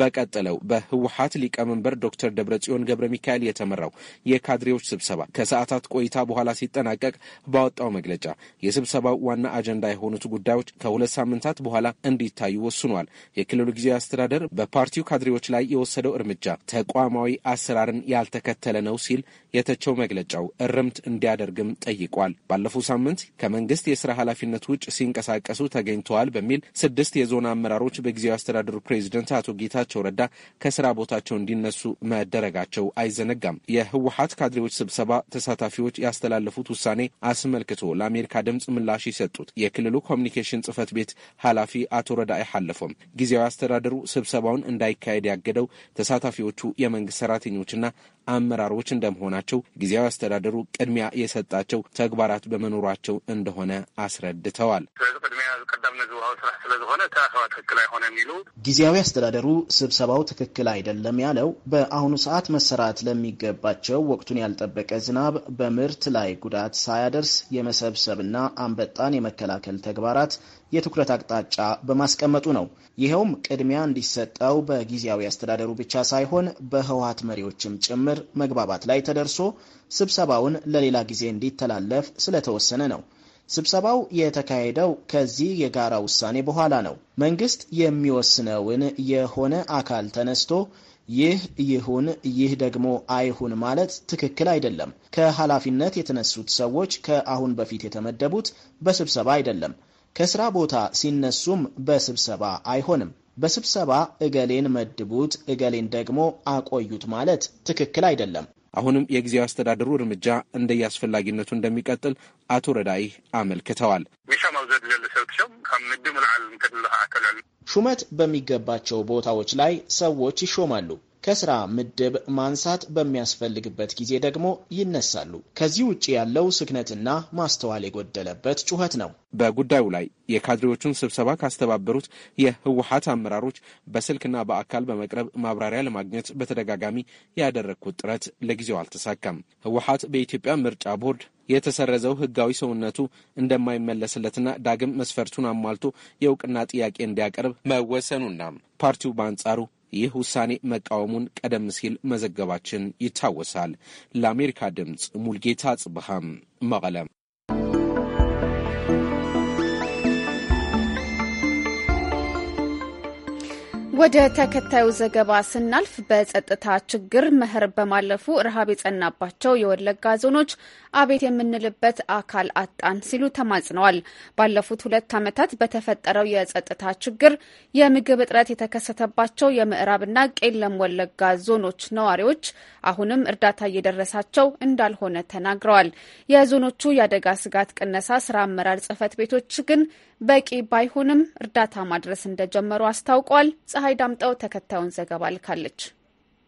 በቀጠለው በህወሀት ሊቀመንበር ዶክተር ደብረጽዮን ገብረ ሚካኤል የተመራው የካድሬዎች ስብሰባ ከሰዓታት ቆይታ በኋላ ሲጠናቀቅ ባወጣው መግለጫ የስብሰባው ዋና አጀንዳ የሆኑት ጉዳዮች ከሁለት ሳምንታት በኋላ እንዲታዩ ወስኗል። የክልሉ ጊዜ አስተዳደ አስተዳደር በፓርቲው ካድሬዎች ላይ የወሰደው እርምጃ ተቋማዊ አሰራርን ያልተከተለ ነው ሲል የተቸው መግለጫው እርምት እንዲያደርግም ጠይቋል። ባለፈው ሳምንት ከመንግስት የስራ ኃላፊነት ውጭ ሲንቀሳቀሱ ተገኝተዋል በሚል ስድስት የዞን አመራሮች በጊዜያዊ አስተዳደሩ ፕሬዚደንት አቶ ጌታቸው ረዳ ከስራ ቦታቸው እንዲነሱ መደረጋቸው አይዘነጋም። የህወሀት ካድሬዎች ስብሰባ ተሳታፊዎች ያስተላለፉት ውሳኔ አስመልክቶ ለአሜሪካ ድምፅ ምላሽ የሰጡት የክልሉ ኮሚኒኬሽን ጽህፈት ቤት ኃላፊ አቶ ረዳ ሓለፎም ጊዜያዊ አስተዳደሩ ስብሰባውን እንዳይካሄድ ያገደው ተሳታፊዎቹ የመንግስት ሰራተኞችና አመራሮች እንደመሆናቸው ጊዜያዊ አስተዳደሩ ቅድሚያ የሰጣቸው ተግባራት በመኖሯቸው እንደሆነ አስረድተዋል። ጊዜያዊ አስተዳደሩ ስብሰባው ትክክል አይደለም ያለው በአሁኑ ሰዓት መሰራት ለሚገባቸው ወቅቱን ያልጠበቀ ዝናብ በምርት ላይ ጉዳት ሳያደርስ የመሰብሰብና አንበጣን የመከላከል ተግባራት የትኩረት አቅጣጫ በማስቀመጡ ነው። ይኸውም ቅድሚያ እንዲሰጠው በጊዜያዊ አስተዳደሩ ብቻ ሳይሆን በህወሀት መሪዎችም ጭምር ሚኒስትር መግባባት ላይ ተደርሶ ስብሰባውን ለሌላ ጊዜ እንዲተላለፍ ስለተወሰነ ነው። ስብሰባው የተካሄደው ከዚህ የጋራ ውሳኔ በኋላ ነው። መንግስት የሚወስነውን የሆነ አካል ተነስቶ ይህ ይሁን ይህ ደግሞ አይሁን ማለት ትክክል አይደለም። ከኃላፊነት የተነሱት ሰዎች ከአሁን በፊት የተመደቡት በስብሰባ አይደለም። ከስራ ቦታ ሲነሱም በስብሰባ አይሆንም። በስብሰባ እገሌን መድቡት እገሌን ደግሞ አቆዩት ማለት ትክክል አይደለም። አሁንም የጊዜያዊ አስተዳደሩ እርምጃ እንደየአስፈላጊነቱ እንደሚቀጥል አቶ ረዳይ አመልክተዋል። ሹመት በሚገባቸው ቦታዎች ላይ ሰዎች ይሾማሉ። ከስራ ምድብ ማንሳት በሚያስፈልግበት ጊዜ ደግሞ ይነሳሉ። ከዚህ ውጭ ያለው ስክነትና ማስተዋል የጎደለበት ጩኸት ነው። በጉዳዩ ላይ የካድሬዎቹን ስብሰባ ካስተባበሩት የህወሀት አመራሮች በስልክና በአካል በመቅረብ ማብራሪያ ለማግኘት በተደጋጋሚ ያደረግኩት ጥረት ለጊዜው አልተሳካም። ህወሀት በኢትዮጵያ ምርጫ ቦርድ የተሰረዘው ህጋዊ ሰውነቱ እንደማይመለስለትና ዳግም መስፈርቱን አሟልቶ የእውቅና ጥያቄ እንዲያቀርብ መወሰኑና ፓርቲው በአንጻሩ ይህ ውሳኔ መቃወሙን ቀደም ሲል መዘገባችን ይታወሳል። ለአሜሪካ ድምፅ ሙልጌታ ጽብሃም መቀለም ወደ ተከታዩ ዘገባ ስናልፍ በጸጥታ ችግር መኸር በማለፉ ረሃብ የጸናባቸው የወለጋ ዞኖች አቤት የምንልበት አካል አጣን ሲሉ ተማጽነዋል። ባለፉት ሁለት ዓመታት በተፈጠረው የጸጥታ ችግር የምግብ እጥረት የተከሰተባቸው የምዕራብና ቄለም ወለጋ ዞኖች ነዋሪዎች አሁንም እርዳታ እየደረሳቸው እንዳልሆነ ተናግረዋል። የዞኖቹ የአደጋ ስጋት ቅነሳ ስራ አመራር ጽህፈት ቤቶች ግን በቂ ባይሆንም እርዳታ ማድረስ እንደጀመሩ አስታውቋል። ፀሐይ ዳምጠው ተከታዩን ዘገባ ልካለች።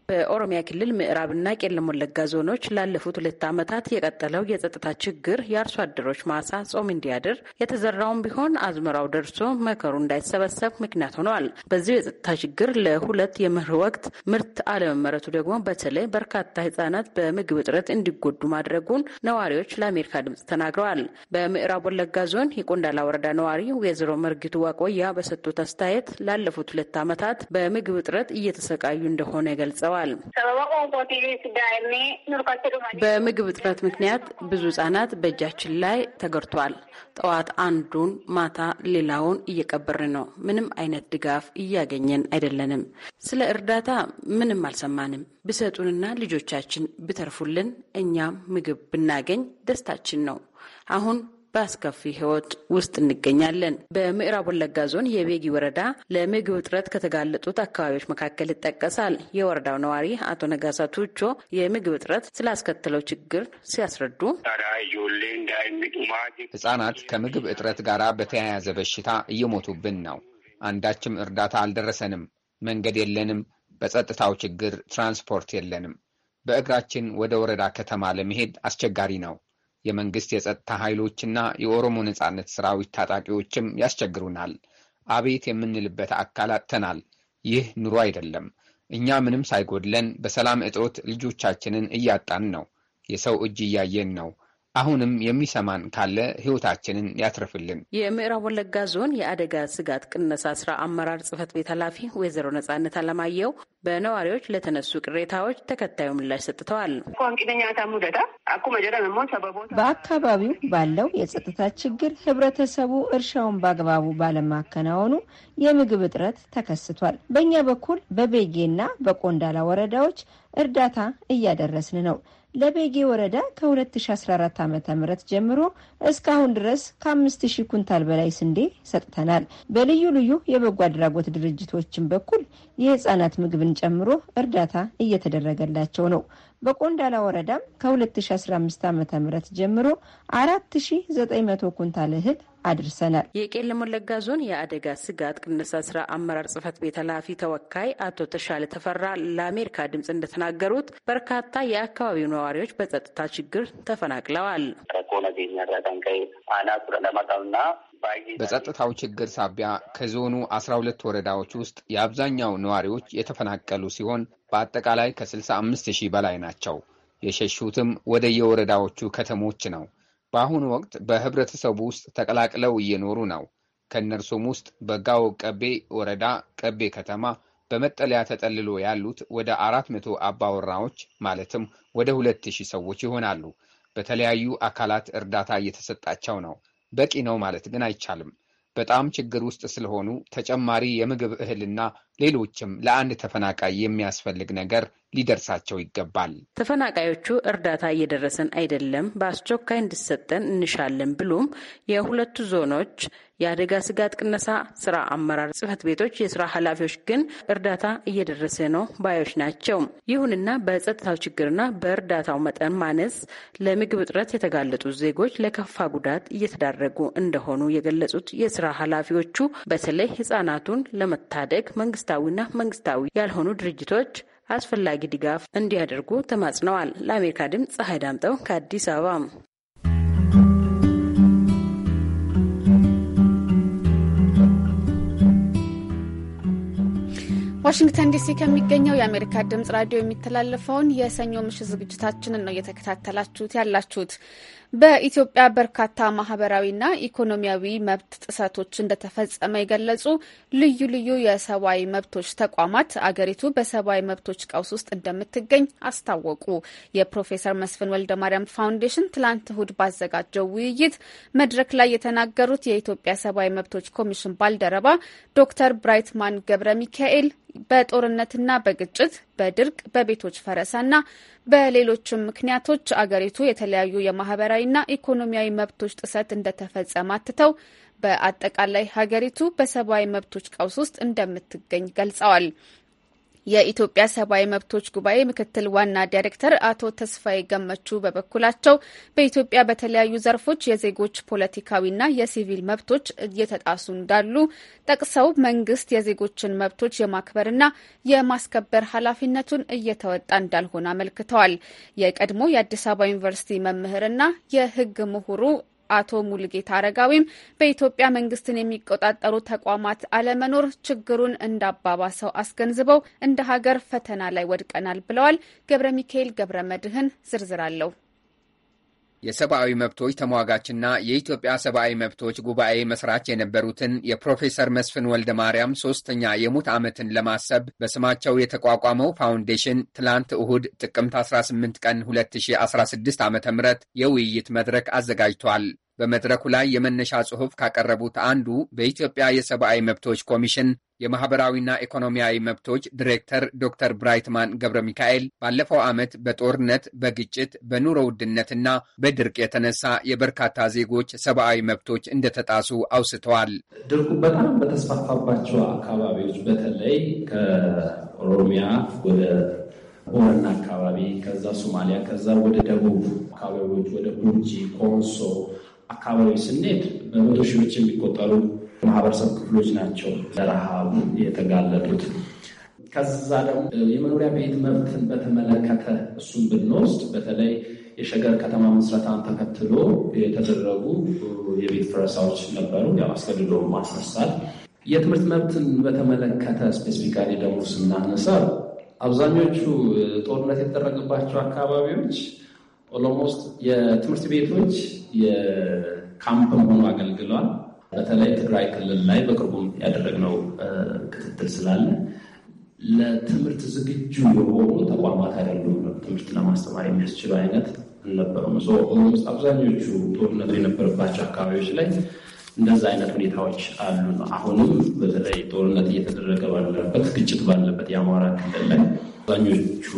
በኦሮሚያ ክልል ምዕራብና ቄለም ወለጋ ዞኖች ላለፉት ሁለት ዓመታት የቀጠለው የጸጥታ ችግር የአርሶ አደሮች ማሳ ጾም እንዲያድር የተዘራውን ቢሆን አዝመራው ደርሶ መከሩ እንዳይሰበሰብ ምክንያት ሆነዋል። በዚሁ የጸጥታ ችግር ለሁለት የምህር ወቅት ምርት አለመመረቱ ደግሞ በተለይ በርካታ ህጻናት በምግብ እጥረት እንዲጎዱ ማድረጉን ነዋሪዎች ለአሜሪካ ድምጽ ተናግረዋል። በምዕራብ ወለጋ ዞን የቆንዳላ ወረዳ ነዋሪ ወይዘሮ መርጊቱ ዋቆያ በሰጡት አስተያየት ላለፉት ሁለት ዓመታት በምግብ እጥረት እየተሰቃዩ እንደሆነ ገልጸዋል። ተናግረዋል። በምግብ እጥረት ምክንያት ብዙ ህጻናት በእጃችን ላይ ተገርቷል። ጠዋት አንዱን ማታ ሌላውን እየቀበር ነው። ምንም አይነት ድጋፍ እያገኘን አይደለንም። ስለ እርዳታ ምንም አልሰማንም። ብሰጡንና ልጆቻችን ብተርፉልን እኛም ምግብ ብናገኝ ደስታችን ነው። አሁን በአስከፊ ህይወት ውስጥ እንገኛለን። በምዕራብ ወለጋ ዞን የቤጊ ወረዳ ለምግብ እጥረት ከተጋለጡት አካባቢዎች መካከል ይጠቀሳል። የወረዳው ነዋሪ አቶ ነጋሳ ቱቾ የምግብ እጥረት ስላስከተለው ችግር ሲያስረዱ ህጻናት ከምግብ እጥረት ጋር በተያያዘ በሽታ እየሞቱብን ነው። አንዳችም እርዳታ አልደረሰንም። መንገድ የለንም። በጸጥታው ችግር ትራንስፖርት የለንም። በእግራችን ወደ ወረዳ ከተማ ለመሄድ አስቸጋሪ ነው። የመንግስት የጸጥታ ኃይሎችና የኦሮሞ ነጻነት ሰራዊት ታጣቂዎችም ያስቸግሩናል። አቤት የምንልበት አካል አጥተናል። ይህ ኑሮ አይደለም። እኛ ምንም ሳይጎድለን በሰላም እጦት ልጆቻችንን እያጣን ነው። የሰው እጅ እያየን ነው። አሁንም የሚሰማን ካለ ህይወታችንን ያትርፍልን። የምዕራብ ወለጋ ዞን የአደጋ ስጋት ቅነሳ ስራ አመራር ጽህፈት ቤት ኃላፊ ወይዘሮ ነጻነት አለማየሁ በነዋሪዎች ለተነሱ ቅሬታዎች ተከታዩ ምላሽ ሰጥተዋል። በአካባቢው ባለው የጸጥታ ችግር ህብረተሰቡ እርሻውን በአግባቡ ባለማከናወኑ የምግብ እጥረት ተከስቷል። በእኛ በኩል በቤጌና በቆንዳላ ወረዳዎች እርዳታ እያደረስን ነው። ለቤጌ ወረዳ ከ2014 ዓ ም ጀምሮ እስካሁን ድረስ ከ5000 ኩንታል በላይ ስንዴ ሰጥተናል። በልዩ ልዩ የበጎ አድራጎት ድርጅቶችን በኩል የህፃናት ምግብን ጨምሮ እርዳታ እየተደረገላቸው ነው። በቆንዳላ ወረዳም ከ2015 ዓ ም ጀምሮ 4900 ኩንታል እህል አድርሰናል። የቄለም ወለጋ ዞን የአደጋ ስጋት ቅነሳ ስራ አመራር ጽህፈት ቤት ኃላፊ ተወካይ አቶ ተሻለ ተፈራ ለአሜሪካ ድምፅ እንደተናገሩት በርካታ የአካባቢው ነዋሪዎች በጸጥታ ችግር ተፈናቅለዋል። በጸጥታው ችግር ሳቢያ ከዞኑ አስራ ሁለት ወረዳዎች ውስጥ የአብዛኛው ነዋሪዎች የተፈናቀሉ ሲሆን በአጠቃላይ ከ65 ሺህ በላይ ናቸው። የሸሹትም ወደ የወረዳዎቹ ከተሞች ነው። በአሁኑ ወቅት በህብረተሰቡ ውስጥ ተቀላቅለው እየኖሩ ነው። ከእነርሱም ውስጥ በጋው ቀቤ ወረዳ ቀቤ ከተማ በመጠለያ ተጠልሎ ያሉት ወደ አራት መቶ አባወራዎች ማለትም ወደ ሁለት ሺህ ሰዎች ይሆናሉ። በተለያዩ አካላት እርዳታ እየተሰጣቸው ነው። በቂ ነው ማለት ግን አይቻልም። በጣም ችግር ውስጥ ስለሆኑ ተጨማሪ የምግብ እህልና ሌሎችም ለአንድ ተፈናቃይ የሚያስፈልግ ነገር ሊደርሳቸው ይገባል። ተፈናቃዮቹ እርዳታ እየደረሰን አይደለም፣ በአስቸኳይ እንዲሰጠን እንሻለን ብሎም የሁለቱ ዞኖች የአደጋ ስጋት ቅነሳ ስራ አመራር ጽህፈት ቤቶች የስራ ኃላፊዎች ግን እርዳታ እየደረሰ ነው ባዮች ናቸው። ይሁንና በጸጥታው ችግርና በእርዳታው መጠን ማነስ ለምግብ እጥረት የተጋለጡ ዜጎች ለከፋ ጉዳት እየተዳረጉ እንደሆኑ የገለጹት የስራ ኃላፊዎቹ በተለይ ህጻናቱን ለመታደግ መንግስት መንግስታዊና መንግስታዊ ያልሆኑ ድርጅቶች አስፈላጊ ድጋፍ እንዲያደርጉ ተማጽነዋል። ለአሜሪካ ድምፅ ፀሐይ ዳምጠው ከአዲስ አበባ። ዋሽንግተን ዲሲ ከሚገኘው የአሜሪካ ድምጽ ራዲዮ የሚተላለፈውን የሰኞ ምሽት ዝግጅታችንን ነው እየተከታተላችሁት ያላችሁት። በኢትዮጵያ በርካታ ማህበራዊና ኢኮኖሚያዊ መብት ጥሰቶች እንደተፈጸመ የገለጹ ልዩ ልዩ የሰብአዊ መብቶች ተቋማት አገሪቱ በሰብአዊ መብቶች ቀውስ ውስጥ እንደምትገኝ አስታወቁ። የፕሮፌሰር መስፍን ወልደማርያም ፋውንዴሽን ትላንት እሁድ ባዘጋጀው ውይይት መድረክ ላይ የተናገሩት የኢትዮጵያ ሰብአዊ መብቶች ኮሚሽን ባልደረባ ዶክተር ብራይትማን ገብረ ሚካኤል በጦርነትና በግጭት በድርቅ በቤቶች ፈረሳና በሌሎችም ምክንያቶች አገሪቱ የተለያዩ የማህበራዊና ኢኮኖሚያዊ መብቶች ጥሰት እንደተፈጸመ አትተው በአጠቃላይ ሀገሪቱ በሰብአዊ መብቶች ቀውስ ውስጥ እንደምትገኝ ገልጸዋል። የኢትዮጵያ ሰብአዊ መብቶች ጉባኤ ምክትል ዋና ዳይሬክተር አቶ ተስፋዬ ገመቹ በበኩላቸው በኢትዮጵያ በተለያዩ ዘርፎች የዜጎች ፖለቲካዊና የሲቪል መብቶች እየተጣሱ እንዳሉ ጠቅሰው መንግስት የዜጎችን መብቶች የማክበርና የማስከበር ኃላፊነቱን እየተወጣ እንዳልሆነ አመልክተዋል። የቀድሞ የአዲስ አበባ ዩኒቨርሲቲ መምህርና የህግ ምሁሩ አቶ ሙልጌታ አረጋዊም በኢትዮጵያ መንግስትን የሚቆጣጠሩ ተቋማት አለመኖር ችግሩን እንዳባባሰው አስገንዝበው እንደ ሀገር ፈተና ላይ ወድቀናል ብለዋል። ገብረ ሚካኤል ገብረ መድህን ዝርዝር አለው። የሰብአዊ መብቶች ተሟጋችና የኢትዮጵያ ሰብአዊ መብቶች ጉባኤ መስራች የነበሩትን የፕሮፌሰር መስፍን ወልደ ማርያም ሶስተኛ የሙት ዓመትን ለማሰብ በስማቸው የተቋቋመው ፋውንዴሽን ትላንት እሁድ ጥቅምት 18 ቀን 2016 ዓ ም የውይይት መድረክ አዘጋጅቷል። በመድረኩ ላይ የመነሻ ጽሑፍ ካቀረቡት አንዱ በኢትዮጵያ የሰብአዊ መብቶች ኮሚሽን የማህበራዊና ኢኮኖሚያዊ መብቶች ዲሬክተር ዶክተር ብራይትማን ገብረ ሚካኤል ባለፈው ዓመት በጦርነት፣ በግጭት፣ በኑሮ ውድነትና በድርቅ የተነሳ የበርካታ ዜጎች ሰብአዊ መብቶች እንደተጣሱ አውስተዋል። ድርቁ በጣም በተስፋፋባቸው አካባቢዎች በተለይ ከኦሮሚያ ወደ ቦረና አካባቢ ከዛ ሶማሊያ ከዛ ወደ ደቡብ አካባቢዎች ወደ ቡርጂ፣ ኮንሶ አካባቢ ስንሄድ በመቶ ሺዎች የሚቆጠሩ ማህበረሰብ ክፍሎች ናቸው ለረሃብ የተጋለጡት። ከዛ ደግሞ የመኖሪያ ቤት መብትን በተመለከተ እሱን ብንወስድ በተለይ የሸገር ከተማ ምስረታን ተከትሎ የተደረጉ የቤት ፍረሳዎች ነበሩ። ያው አስገድዶ ማስነሳት። የትምህርት መብትን በተመለከተ ስፔሲፊካሊ ደግሞ ስናነሳ አብዛኞቹ ጦርነት የተደረገባቸው አካባቢዎች ኦሎሞስት የትምህርት ቤቶች የካምፕም ሆኖ አገልግለዋል። በተለይ ትግራይ ክልል ላይ በቅርቡም ያደረግነው ክትትል ስላለ ለትምህርት ዝግጁ የሆኑ ተቋማት አይደሉም። ትምህርት ለማስተማር የሚያስችሉ አይነት አልነበረም። አብዛኞቹ ጦርነቱ የነበረባቸው አካባቢዎች ላይ እንደዛ አይነት ሁኔታዎች አሉ። አሁንም በተለይ ጦርነት እየተደረገ ባለበት፣ ግጭት ባለበት የአማራ ክልል ላይ አብዛኞቹ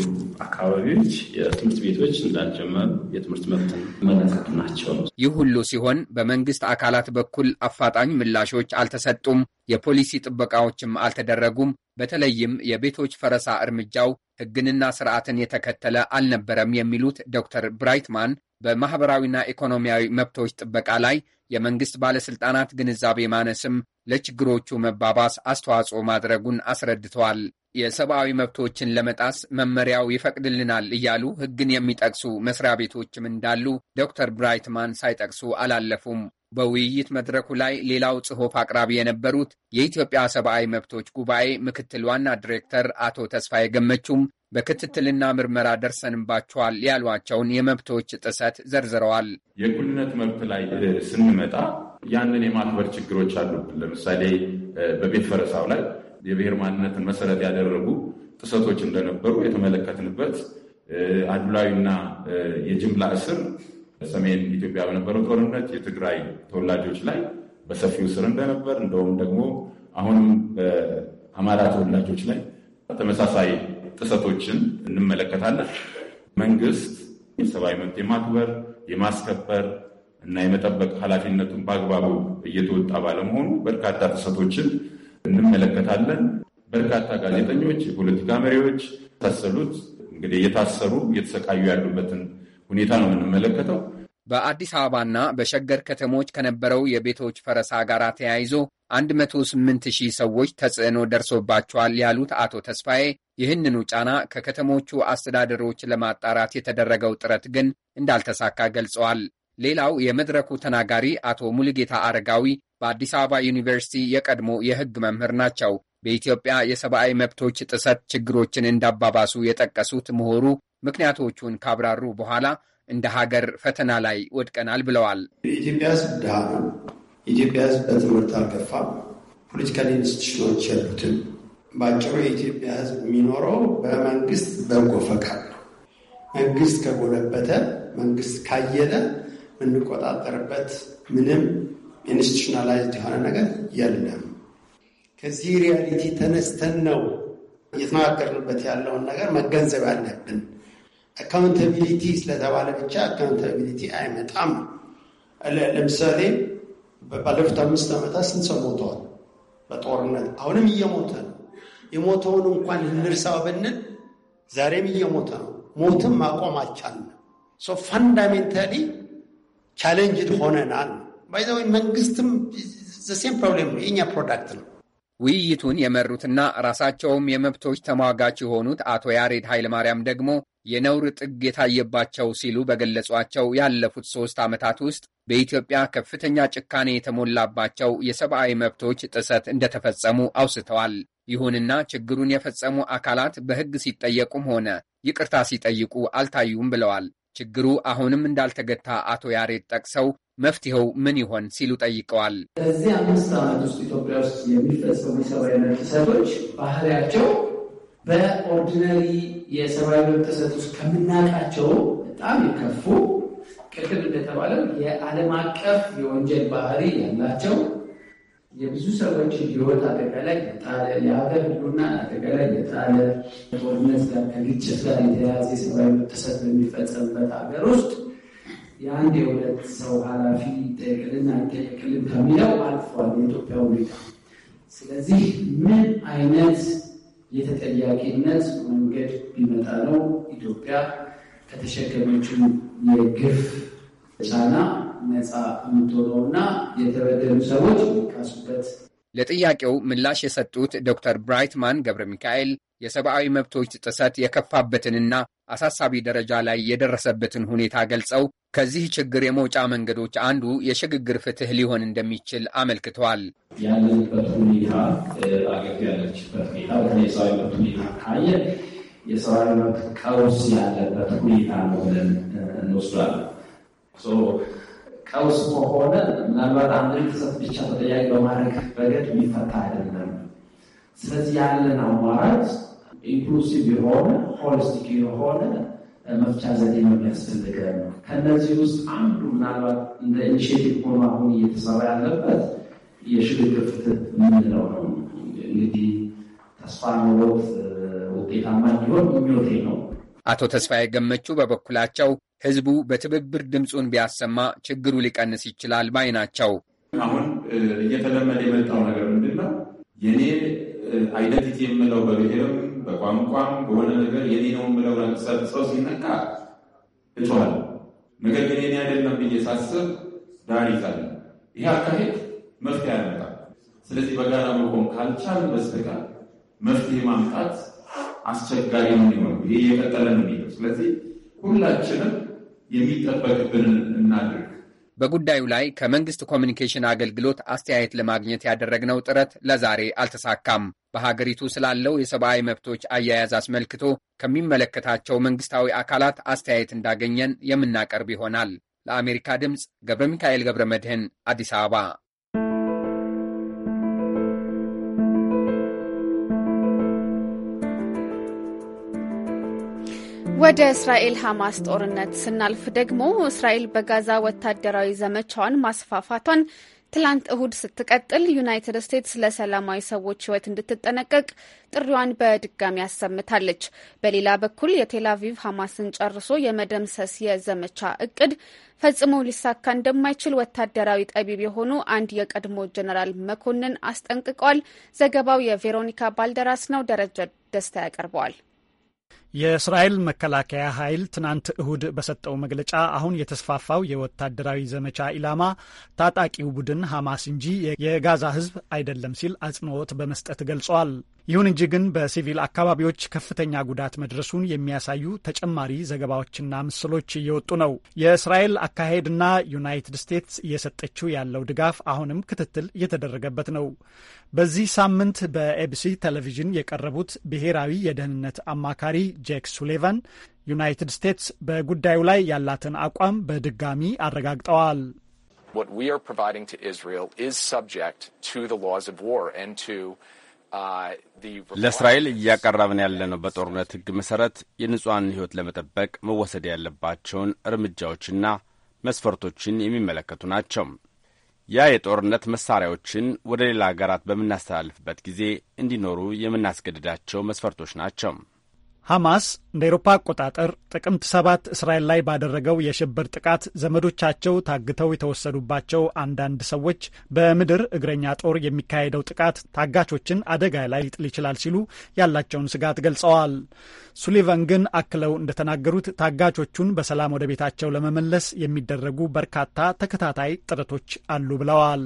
አካባቢዎች የትምህርት ቤቶች እንዳልጀመሩ የትምህርት መብትን መለከቱ ናቸው። ይህ ሁሉ ሲሆን በመንግስት አካላት በኩል አፋጣኝ ምላሾች አልተሰጡም፣ የፖሊሲ ጥበቃዎችም አልተደረጉም። በተለይም የቤቶች ፈረሳ እርምጃው ህግንና ስርዓትን የተከተለ አልነበረም የሚሉት ዶክተር ብራይትማን በማህበራዊና ኢኮኖሚያዊ መብቶች ጥበቃ ላይ የመንግስት ባለሥልጣናት ግንዛቤ ማነስም ለችግሮቹ መባባስ አስተዋጽኦ ማድረጉን አስረድተዋል። የሰብአዊ መብቶችን ለመጣስ መመሪያው ይፈቅድልናል እያሉ ሕግን የሚጠቅሱ መስሪያ ቤቶችም እንዳሉ ዶክተር ብራይትማን ሳይጠቅሱ አላለፉም። በውይይት መድረኩ ላይ ሌላው ጽሑፍ አቅራቢ የነበሩት የኢትዮጵያ ሰብአዊ መብቶች ጉባኤ ምክትል ዋና ዲሬክተር አቶ ተስፋ የገመቹም በክትትልና ምርመራ ደርሰንባቸዋል ያሏቸውን የመብቶች ጥሰት ዘርዝረዋል። የእኩልነት መብት ላይ ስንመጣ ያንን የማክበር ችግሮች አሉብን። ለምሳሌ በቤት ፈረሳው ላይ የብሔር ማንነትን መሰረት ያደረጉ ጥሰቶች እንደነበሩ የተመለከትንበት አድሏዊና የጅምላ እስር ሰሜን ኢትዮጵያ በነበረው ጦርነት የትግራይ ተወላጆች ላይ በሰፊው እስር እንደነበር እንደውም ደግሞ አሁንም በአማራ ተወላጆች ላይ ተመሳሳይ ጥሰቶችን እንመለከታለን። መንግስት የሰብአዊ መብት የማክበር የማስከበር እና የመጠበቅ ኃላፊነቱን በአግባቡ እየተወጣ ባለመሆኑ በርካታ ጥሰቶችን እንመለከታለን። በርካታ ጋዜጠኞች፣ የፖለቲካ መሪዎች ታሰሉት እንግዲህ እየታሰሩ እየተሰቃዩ ያሉበትን ሁኔታ ነው የምንመለከተው። በአዲስ አበባና በሸገር ከተሞች ከነበረው የቤቶች ፈረሳ ጋር ተያይዞ ሺህ ሰዎች ተጽዕኖ ደርሶባቸዋል ያሉት አቶ ተስፋዬ ይህንኑ ጫና ከከተሞቹ አስተዳደሮች ለማጣራት የተደረገው ጥረት ግን እንዳልተሳካ ገልጸዋል። ሌላው የመድረኩ ተናጋሪ አቶ ሙልጌታ አረጋዊ በአዲስ አበባ ዩኒቨርሲቲ የቀድሞ የሕግ መምህር ናቸው። በኢትዮጵያ የሰብአዊ መብቶች ጥሰት ችግሮችን እንዳባባሱ የጠቀሱት ምሁሩ ምክንያቶቹን ካብራሩ በኋላ እንደ ሀገር ፈተና ላይ ወድቀናል ብለዋል። የኢትዮጵያ ሕዝብ ድሃ ነው። የኢትዮጵያ ሕዝብ በትምህርት አልገፋም። ፖለቲካል ኢንስቲትዩሽኖች ያሉትን በአጭሩ የኢትዮጵያ ሕዝብ የሚኖረው በመንግስት በጎ ፈቃድ ነው። መንግስት ከጎለበተ፣ መንግስት ካየለ የምንቆጣጠርበት ምንም ኢንስቲቱሽናላይዝድ የሆነ ነገር የለም። ከዚህ ሪያሊቲ ተነስተን ነው እየተመካከርንበት ያለውን ነገር መገንዘብ ያለብን። አካውንታቢሊቲ ስለተባለ ብቻ አካውንታቢሊቲ አይመጣም። ለምሳሌ ባለፉት አምስት ዓመታት ስንት ሰው ሞተዋል? በጦርነት አሁንም እየሞተ ነው። የሞተውን እንኳን ልንርሳው ብንል ዛሬም እየሞተ ነው። ሞትም ማቆም አልቻልንም። ሶ ፋንዳሜንታሊ ቻሌንጅድ ሆነናል። ባይዘወይ መንግስትም ዘሴም ፕሮብሌም ነው፣ የእኛ ፕሮዳክት ነው። ውይይቱን የመሩትና ራሳቸውም የመብቶች ተሟጋች የሆኑት አቶ ያሬድ ኃይለማርያም ደግሞ የነውር ጥግ የታየባቸው ሲሉ በገለጿቸው ያለፉት ሶስት ዓመታት ውስጥ በኢትዮጵያ ከፍተኛ ጭካኔ የተሞላባቸው የሰብአዊ መብቶች ጥሰት እንደተፈጸሙ አውስተዋል። ይሁንና ችግሩን የፈጸሙ አካላት በሕግ ሲጠየቁም ሆነ ይቅርታ ሲጠይቁ አልታዩም ብለዋል። ችግሩ አሁንም እንዳልተገታ አቶ ያሬድ ጠቅሰው መፍትሄው ምን ይሆን ሲሉ ጠይቀዋል። በዚህ አምስት ዓመት ውስጥ ኢትዮጵያ ውስጥ የሚፈጸሙ የሰብአዊ መብት ጥሰቶች ባህሪያቸው በኦርዲነሪ የሰብአዊ መብት ጥሰት ውስጥ ከምናውቃቸው በጣም የከፉ ቅድም እንደተባለው የዓለም አቀፍ የወንጀል ባህሪ ያላቸው የብዙ ሰዎች ህወት አደጋ ላይ የጣለ የሀገር ህልውና አደጋ ላይ የጣለ ጦርነት ጋር ከግጭት ጋር የተያያዘ የሰብአዊ መብት ጥሰት በሚፈጸምበት ሀገር ውስጥ የአንድ የሁለት ሰው ኃላፊ ይጠየቅልን አይጠየቅልን ከሚለው አልፏል የኢትዮጵያ ሁኔታ። ስለዚህ ምን አይነት የተጠያቂነት መንገድ ቢመጣ ነው ኢትዮጵያ ከተሸከመችው የግፍ ጫና ነፃ የምትሆነው እና የተበደሉ ሰዎች የሚካሱበት ለጥያቄው ምላሽ የሰጡት ዶክተር ብራይትማን ገብረ ሚካኤል የሰብአዊ መብቶች ጥሰት የከፋበትንና አሳሳቢ ደረጃ ላይ የደረሰበትን ሁኔታ ገልጸው ከዚህ ችግር የመውጫ መንገዶች አንዱ የሽግግር ፍትህ ሊሆን እንደሚችል አመልክተዋል። ያለንበት ሁኔታ አገር ያለችበት ሁኔታ በተለይ የሰብአዊ መብት ሁኔታ ካየ የሰብአዊ መብት ቀውስ ያለበት ሁኔታ ነው ብለን እንወስዳለን። ቀውስ ከሆነ ምናልባት አንድ ቤተሰብ ብቻ ተጠያቂ በማድረግ ረገድ የሚፈታ አይደለም። ስለዚህ ያለን አማራጭ ኢንክሉሲቭ የሆነ ሆሊስቲክ የሆነ መፍቻ ዘዴ ነው የሚያስፈልገ ነው። ከእነዚህ ውስጥ አንዱ ምናልባት እንደ ኢኒሽቲቭ ሆኖ አሁን እየተሰራ ያለበት የሽግግር ፍትህ የምንለው ነው። እንግዲህ ተስፋ ኖሮት ውጤታማ እንዲሆን ምኞቴ ነው። አቶ ተስፋዬ ገመቹ በበኩላቸው ህዝቡ በትብብር ድምፁን ቢያሰማ ችግሩ ሊቀንስ ይችላል ባይ ናቸው። አሁን እየተለመደ የመጣው ነገር ምንድን ነው? የኔ አይደንቲቲ የምለው በብሔርም በቋንቋም በሆነ ነገር የኔ ነው የምለው ሰው ሲነካ እጮኋል። ነገር ግን የኔ አይደለም ብዬ ሳስብ ዳር ይዛለ። ይህ አካሄድ መፍትሄ ያመጣል። ስለዚህ በጋራ መቆም ካልቻል በስተቀር መፍትሄ ማምጣት አስቸጋሪ ነው የሚሆነው። ይሄ እየቀጠለ ነው የሚለው ስለዚህ ሁላችንም የሚጠበቅብንን እናድርግ። በጉዳዩ ላይ ከመንግስት ኮሚኒኬሽን አገልግሎት አስተያየት ለማግኘት ያደረግነው ጥረት ለዛሬ አልተሳካም። በሀገሪቱ ስላለው የሰብአዊ መብቶች አያያዝ አስመልክቶ ከሚመለከታቸው መንግስታዊ አካላት አስተያየት እንዳገኘን የምናቀርብ ይሆናል። ለአሜሪካ ድምፅ ገብረ ሚካኤል ገብረ መድህን አዲስ አበባ ወደ እስራኤል ሐማስ ጦርነት ስናልፍ ደግሞ እስራኤል በጋዛ ወታደራዊ ዘመቻዋን ማስፋፋቷን ትላንት እሁድ ስትቀጥል ዩናይትድ ስቴትስ ለሰላማዊ ሰዎች ሕይወት እንድትጠነቀቅ ጥሪዋን በድጋሚ አሰምታለች። በሌላ በኩል የቴል አቪቭ ሐማስን ጨርሶ የመደምሰስ የዘመቻ እቅድ ፈጽሞ ሊሳካ እንደማይችል ወታደራዊ ጠቢብ የሆኑ አንድ የቀድሞ ጀነራል መኮንን አስጠንቅቀዋል። ዘገባው የቬሮኒካ ባልደራስ ነው። ደረጃ ደስታ ያቀርበዋል። የእስራኤል መከላከያ ኃይል ትናንት እሁድ በሰጠው መግለጫ አሁን የተስፋፋው የወታደራዊ ዘመቻ ኢላማ ታጣቂው ቡድን ሐማስ እንጂ የጋዛ ሕዝብ አይደለም ሲል አጽንኦት በመስጠት ገልጿል። ይሁን እንጂ ግን በሲቪል አካባቢዎች ከፍተኛ ጉዳት መድረሱን የሚያሳዩ ተጨማሪ ዘገባዎችና ምስሎች እየወጡ ነው። የእስራኤል አካሄድና ዩናይትድ ስቴትስ እየሰጠችው ያለው ድጋፍ አሁንም ክትትል እየተደረገበት ነው። በዚህ ሳምንት በኤቢሲ ቴሌቪዥን የቀረቡት ብሔራዊ የደህንነት አማካሪ ጄክ ሱሊቫን ዩናይትድ ስቴትስ በጉዳዩ ላይ ያላትን አቋም በድጋሚ አረጋግጠዋል። ለእስራኤል እያቀረብን ያለነው በጦርነት ሕግ መሠረት የንጹሐን ሕይወት ለመጠበቅ መወሰድ ያለባቸውን እርምጃዎችና መስፈርቶችን የሚመለከቱ ናቸው። ያ የጦርነት መሳሪያዎችን ወደ ሌላ አገራት በምናስተላልፍበት ጊዜ እንዲኖሩ የምናስገድዳቸው መስፈርቶች ናቸው። ሐማስ እንደ ኤሮፓ አቆጣጠር ጥቅምት ሰባት እስራኤል ላይ ባደረገው የሽብር ጥቃት ዘመዶቻቸው ታግተው የተወሰዱባቸው አንዳንድ ሰዎች በምድር እግረኛ ጦር የሚካሄደው ጥቃት ታጋቾችን አደጋ ላይ ሊጥል ይችላል ሲሉ ያላቸውን ስጋት ገልጸዋል። ሱሊቨን ግን አክለው እንደተናገሩት ታጋቾቹን በሰላም ወደ ቤታቸው ለመመለስ የሚደረጉ በርካታ ተከታታይ ጥረቶች አሉ ብለዋል።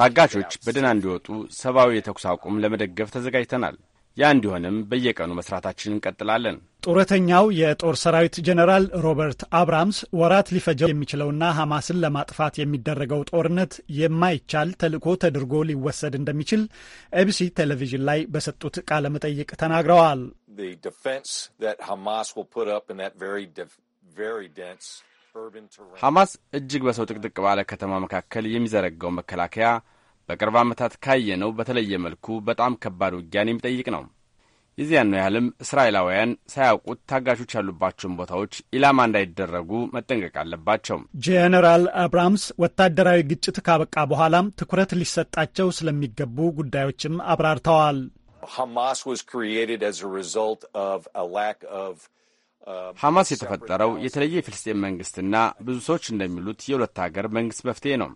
ታጋቾች በደህና እንዲወጡ ሰብአዊ የተኩስ አቁም ለመደገፍ ተዘጋጅተናል። ያ እንዲሆንም በየቀኑ መስራታችን እንቀጥላለን። ጡረተኛው የጦር ሰራዊት ጀኔራል ሮበርት አብራምስ ወራት ሊፈጀው የሚችለውና ሐማስን ለማጥፋት የሚደረገው ጦርነት የማይቻል ተልዕኮ ተደርጎ ሊወሰድ እንደሚችል ኤቢሲ ቴሌቪዥን ላይ በሰጡት ቃለ መጠይቅ ተናግረዋል። ሐማስ እጅግ በሰው ጥቅጥቅ ባለ ከተማ መካከል የሚዘረጋው መከላከያ በቅርብ ዓመታት ካየነው በተለየ መልኩ በጣም ከባድ ውጊያን የሚጠይቅ ነው። የዚያን ነው ያህልም እስራኤላውያን ሳያውቁት ታጋሾች ያሉባቸውን ቦታዎች ኢላማ እንዳይደረጉ መጠንቀቅ አለባቸው። ጄኔራል አብራምስ ወታደራዊ ግጭት ካበቃ በኋላም ትኩረት ሊሰጣቸው ስለሚገቡ ጉዳዮችም አብራርተዋል። ሐማስ ሐማስ የተፈጠረው የተለየ የፍልስጤን መንግስትና ብዙ ሰዎች እንደሚሉት የሁለት አገር መንግስት መፍትሄ ነው።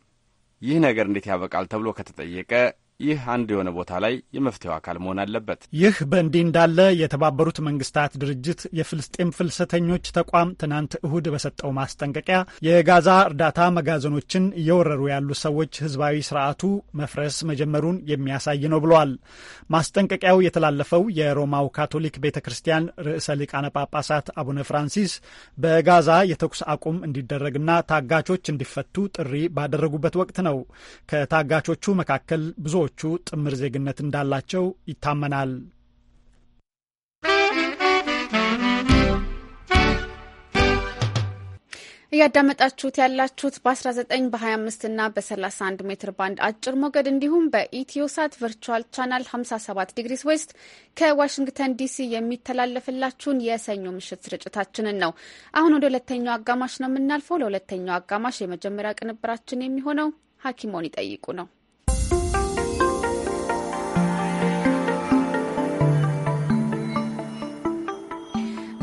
ይህ ነገር እንዴት ያበቃል ተብሎ ከተጠየቀ ይህ አንድ የሆነ ቦታ ላይ የመፍትሄው አካል መሆን አለበት። ይህ በእንዲህ እንዳለ የተባበሩት መንግስታት ድርጅት የፍልስጤም ፍልሰተኞች ተቋም ትናንት እሁድ በሰጠው ማስጠንቀቂያ የጋዛ እርዳታ መጋዘኖችን እየወረሩ ያሉ ሰዎች ህዝባዊ ስርዓቱ መፍረስ መጀመሩን የሚያሳይ ነው ብለዋል። ማስጠንቀቂያው የተላለፈው የሮማው ካቶሊክ ቤተ ክርስቲያን ርዕሰ ሊቃነ ጳጳሳት አቡነ ፍራንሲስ በጋዛ የተኩስ አቁም እንዲደረግና ታጋቾች እንዲፈቱ ጥሪ ባደረጉበት ወቅት ነው። ከታጋቾቹ መካከል ብዙ ብዙዎቹ ጥምር ዜግነት እንዳላቸው ይታመናል። እያዳመጣችሁት ያላችሁት በ19 በ25 እና በ31 ሜትር ባንድ አጭር ሞገድ እንዲሁም በኢትዮሳት ቨርቹዋል ቻናል 57 ዲግሪስ ዌስት ከዋሽንግተን ዲሲ የሚተላለፍላችሁን የሰኞ ምሽት ስርጭታችንን ነው። አሁን ወደ ሁለተኛው አጋማሽ ነው የምናልፈው። ለሁለተኛው አጋማሽ የመጀመሪያ ቅንብራችን የሚሆነው ሐኪሞን ይጠይቁ ነው።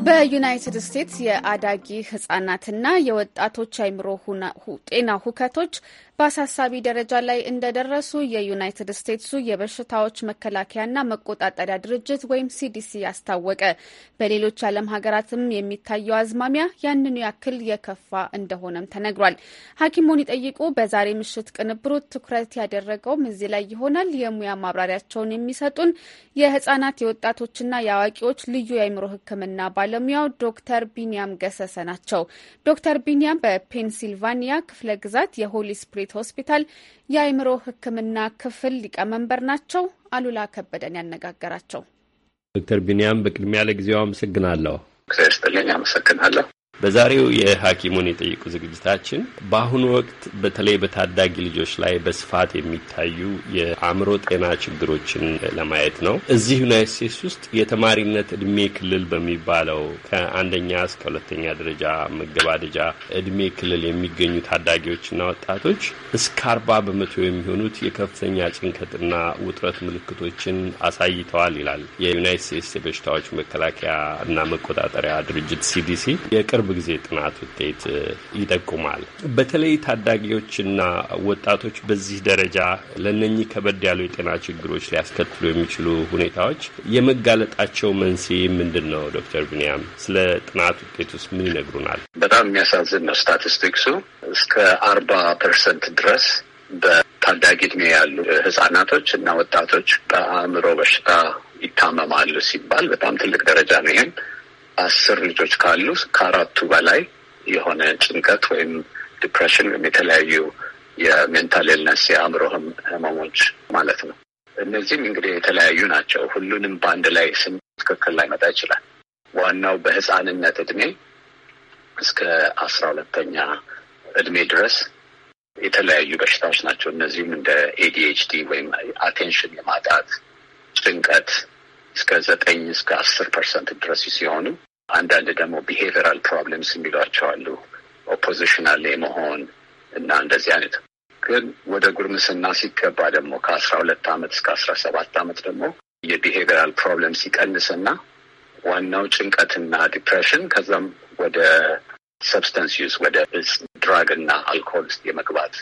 በዩናይትድ ስቴትስ የአዳጊ ህጻናትና የወጣቶች አይምሮ ጤና ሁከቶች በአሳሳቢ ደረጃ ላይ እንደደረሱ የዩናይትድ ስቴትሱ የበሽታዎች መከላከያና መቆጣጠሪያ ድርጅት ወይም ሲዲሲ አስታወቀ። በሌሎች የዓለም ሀገራትም የሚታየው አዝማሚያ ያንኑ ያክል የከፋ እንደሆነም ተነግሯል። ሐኪሙን ይጠይቁ በዛሬ ምሽት ቅንብሩ ትኩረት ያደረገውም እዚህ ላይ ይሆናል። የሙያ ማብራሪያቸውን የሚሰጡን የህጻናት የወጣቶችና የአዋቂዎች ልዩ የአእምሮ ሕክምና ባለሙያው ዶክተር ቢንያም ገሰሰ ናቸው። ዶክተር ቢንያም በፔንሲልቫኒያ ክፍለ ግዛት የሆሊ ስፕሪ ቤት ሆስፒታል የአእምሮ ሕክምና ክፍል ሊቀመንበር ናቸው። አሉላ ከበደን ያነጋገራቸው ዶክተር ቢንያም በቅድሚያ ለጊዜው አመሰግናለሁ። ክስጥልኝ አመሰግናለሁ። በዛሬው የሐኪሙን የጠይቁ ዝግጅታችን በአሁኑ ወቅት በተለይ በታዳጊ ልጆች ላይ በስፋት የሚታዩ የአእምሮ ጤና ችግሮችን ለማየት ነው። እዚህ ዩናይት ስቴትስ ውስጥ የተማሪነት እድሜ ክልል በሚባለው ከአንደኛ እስከ ሁለተኛ ደረጃ መገባደጃ እድሜ ክልል የሚገኙ ታዳጊዎችና ወጣቶች እስከ አርባ በመቶ የሚሆኑት የከፍተኛ ጭንቀትና ውጥረት ምልክቶችን አሳይተዋል ይላል የዩናይት ስቴትስ የበሽታዎች መከላከያ እና መቆጣጠሪያ ድርጅት ሲዲሲ የቅርብ ጊዜ ጥናት ውጤት ይጠቁማል። በተለይ ታዳጊዎችና ወጣቶች በዚህ ደረጃ ለነኚህ ከበድ ያሉ የጤና ችግሮች ሊያስከትሉ የሚችሉ ሁኔታዎች የመጋለጣቸው መንስኤ ምንድን ነው? ዶክተር ቢንያም ስለ ጥናት ውጤት ውስጥ ምን ይነግሩናል? በጣም የሚያሳዝን ነው። ስታቲስቲክሱ እስከ አርባ ፐርሰንት ድረስ በታዳጊ እድሜ ያሉ ህጻናቶች እና ወጣቶች በአእምሮ በሽታ ይታመማሉ ሲባል በጣም ትልቅ ደረጃ ነው። ይህም አስር ልጆች ካሉ ከአራቱ በላይ የሆነ ጭንቀት ወይም ዲፕሬሽን ወይም የተለያዩ የሜንታል ኢልነስ የአእምሮ ህመሞች ማለት ነው። እነዚህም እንግዲህ የተለያዩ ናቸው። ሁሉንም በአንድ ላይ ስም ትክክል ላይመጣ ይችላል። ዋናው በህፃንነት እድሜ እስከ አስራ ሁለተኛ እድሜ ድረስ የተለያዩ በሽታዎች ናቸው። እነዚህም እንደ ኤዲኤችዲ ወይም አቴንሽን የማጣት ጭንቀት እስከ ዘጠኝ እስከ አስር ፐርሰንት ድረስ ሲሆኑ አንዳንድ ደግሞ ቢሄቨራል ፕሮብለምስ የሚሏቸው አሉ። ኦፖዚሽናል የመሆን እና እንደዚህ አይነት ግን ወደ ጉርምስና ሲገባ ደግሞ ከአስራ ሁለት አመት እስከ አስራ ሰባት አመት ደግሞ የቢሄቨራል ፕሮብለም ሲቀንስና ዋናው ጭንቀትና ዲፕሬሽን ከዛም ወደ ሰብስተንስ ዩዝ ወደ ድራግ እና አልኮል የመግባት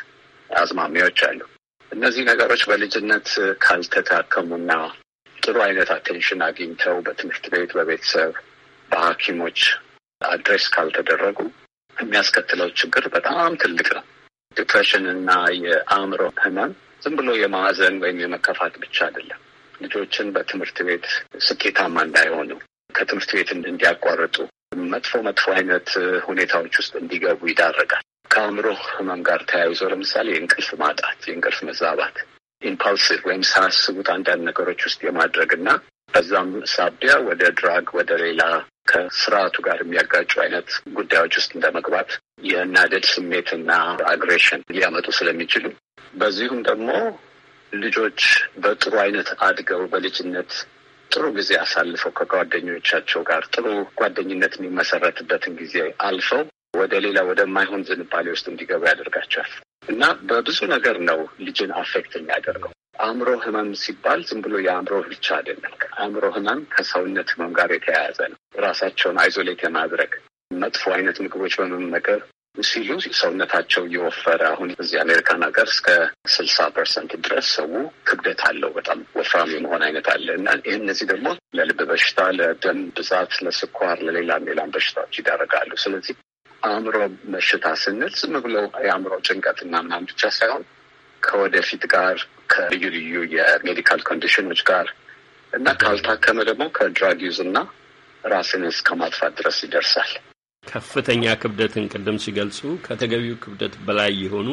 አዝማሚያዎች አሉ። እነዚህ ነገሮች በልጅነት ካልተታከሙና ጥሩ አይነት አቴንሽን አግኝተው በትምህርት ቤት፣ በቤተሰብ፣ በሐኪሞች አድሬስ ካልተደረጉ የሚያስከትለው ችግር በጣም ትልቅ ነው። ዲፕሬሽን እና የአእምሮ ህመም ዝም ብሎ የማዘን ወይም የመከፋት ብቻ አይደለም። ልጆችን በትምህርት ቤት ስኬታማ እንዳይሆኑ፣ ከትምህርት ቤት እንዲያቋርጡ፣ መጥፎ መጥፎ አይነት ሁኔታዎች ውስጥ እንዲገቡ ይዳረጋል። ከአእምሮ ህመም ጋር ተያይዞ ለምሳሌ የእንቅልፍ ማጣት፣ የእንቅልፍ መዛባት ኢምፓልሲቭ ወይም ሳያስቡት አንዳንድ ነገሮች ውስጥ የማድረግ እና በዛም ሳቢያ ወደ ድራግ ወደ ሌላ ከስርዓቱ ጋር የሚያጋጩ አይነት ጉዳዮች ውስጥ እንደ መግባት የናደድ ስሜትና አግሬሽን ሊያመጡ ስለሚችሉ በዚሁም ደግሞ ልጆች በጥሩ አይነት አድገው በልጅነት ጥሩ ጊዜ አሳልፈው ከጓደኞቻቸው ጋር ጥሩ ጓደኝነት የሚመሰረትበትን ጊዜ አልፈው ወደ ሌላ ወደማይሆን ዝንባሌ ውስጥ እንዲገቡ ያደርጋቸዋል። እና በብዙ ነገር ነው ልጅን አፌክት የሚያደርገው። አእምሮ ህመም ሲባል ዝም ብሎ የአእምሮ ብቻ አይደለም። አእምሮ ህመም ከሰውነት ህመም ጋር የተያያዘ ነው። ራሳቸውን አይዞሌት የማድረግ መጥፎ አይነት ምግቦች በመመገብ ሲሉ ሰውነታቸው እየወፈረ አሁን እዚህ አሜሪካን ሀገር እስከ ስልሳ ፐርሰንት ድረስ ሰው ክብደት አለው። በጣም ወፍራም የመሆን አይነት አለ እና ይህ እነዚህ ደግሞ ለልብ በሽታ፣ ለደም ብዛት፣ ለስኳር፣ ለሌላም ሌላም በሽታዎች ይዳረጋሉ። ስለዚህ አእምሮ በሽታ ስንል ዝም ብሎ የአእምሮ ጭንቀትና ምናምን ብቻ ሳይሆን ከወደፊት ጋር ከልዩ ልዩ የሜዲካል ኮንዲሽኖች ጋር እና ካልታከመ ደግሞ ከድራግ ዩዝ እና ራስን እስከ ማጥፋት ድረስ ይደርሳል። ከፍተኛ ክብደትን ቅድም ሲገልጹ ከተገቢው ክብደት በላይ የሆኑ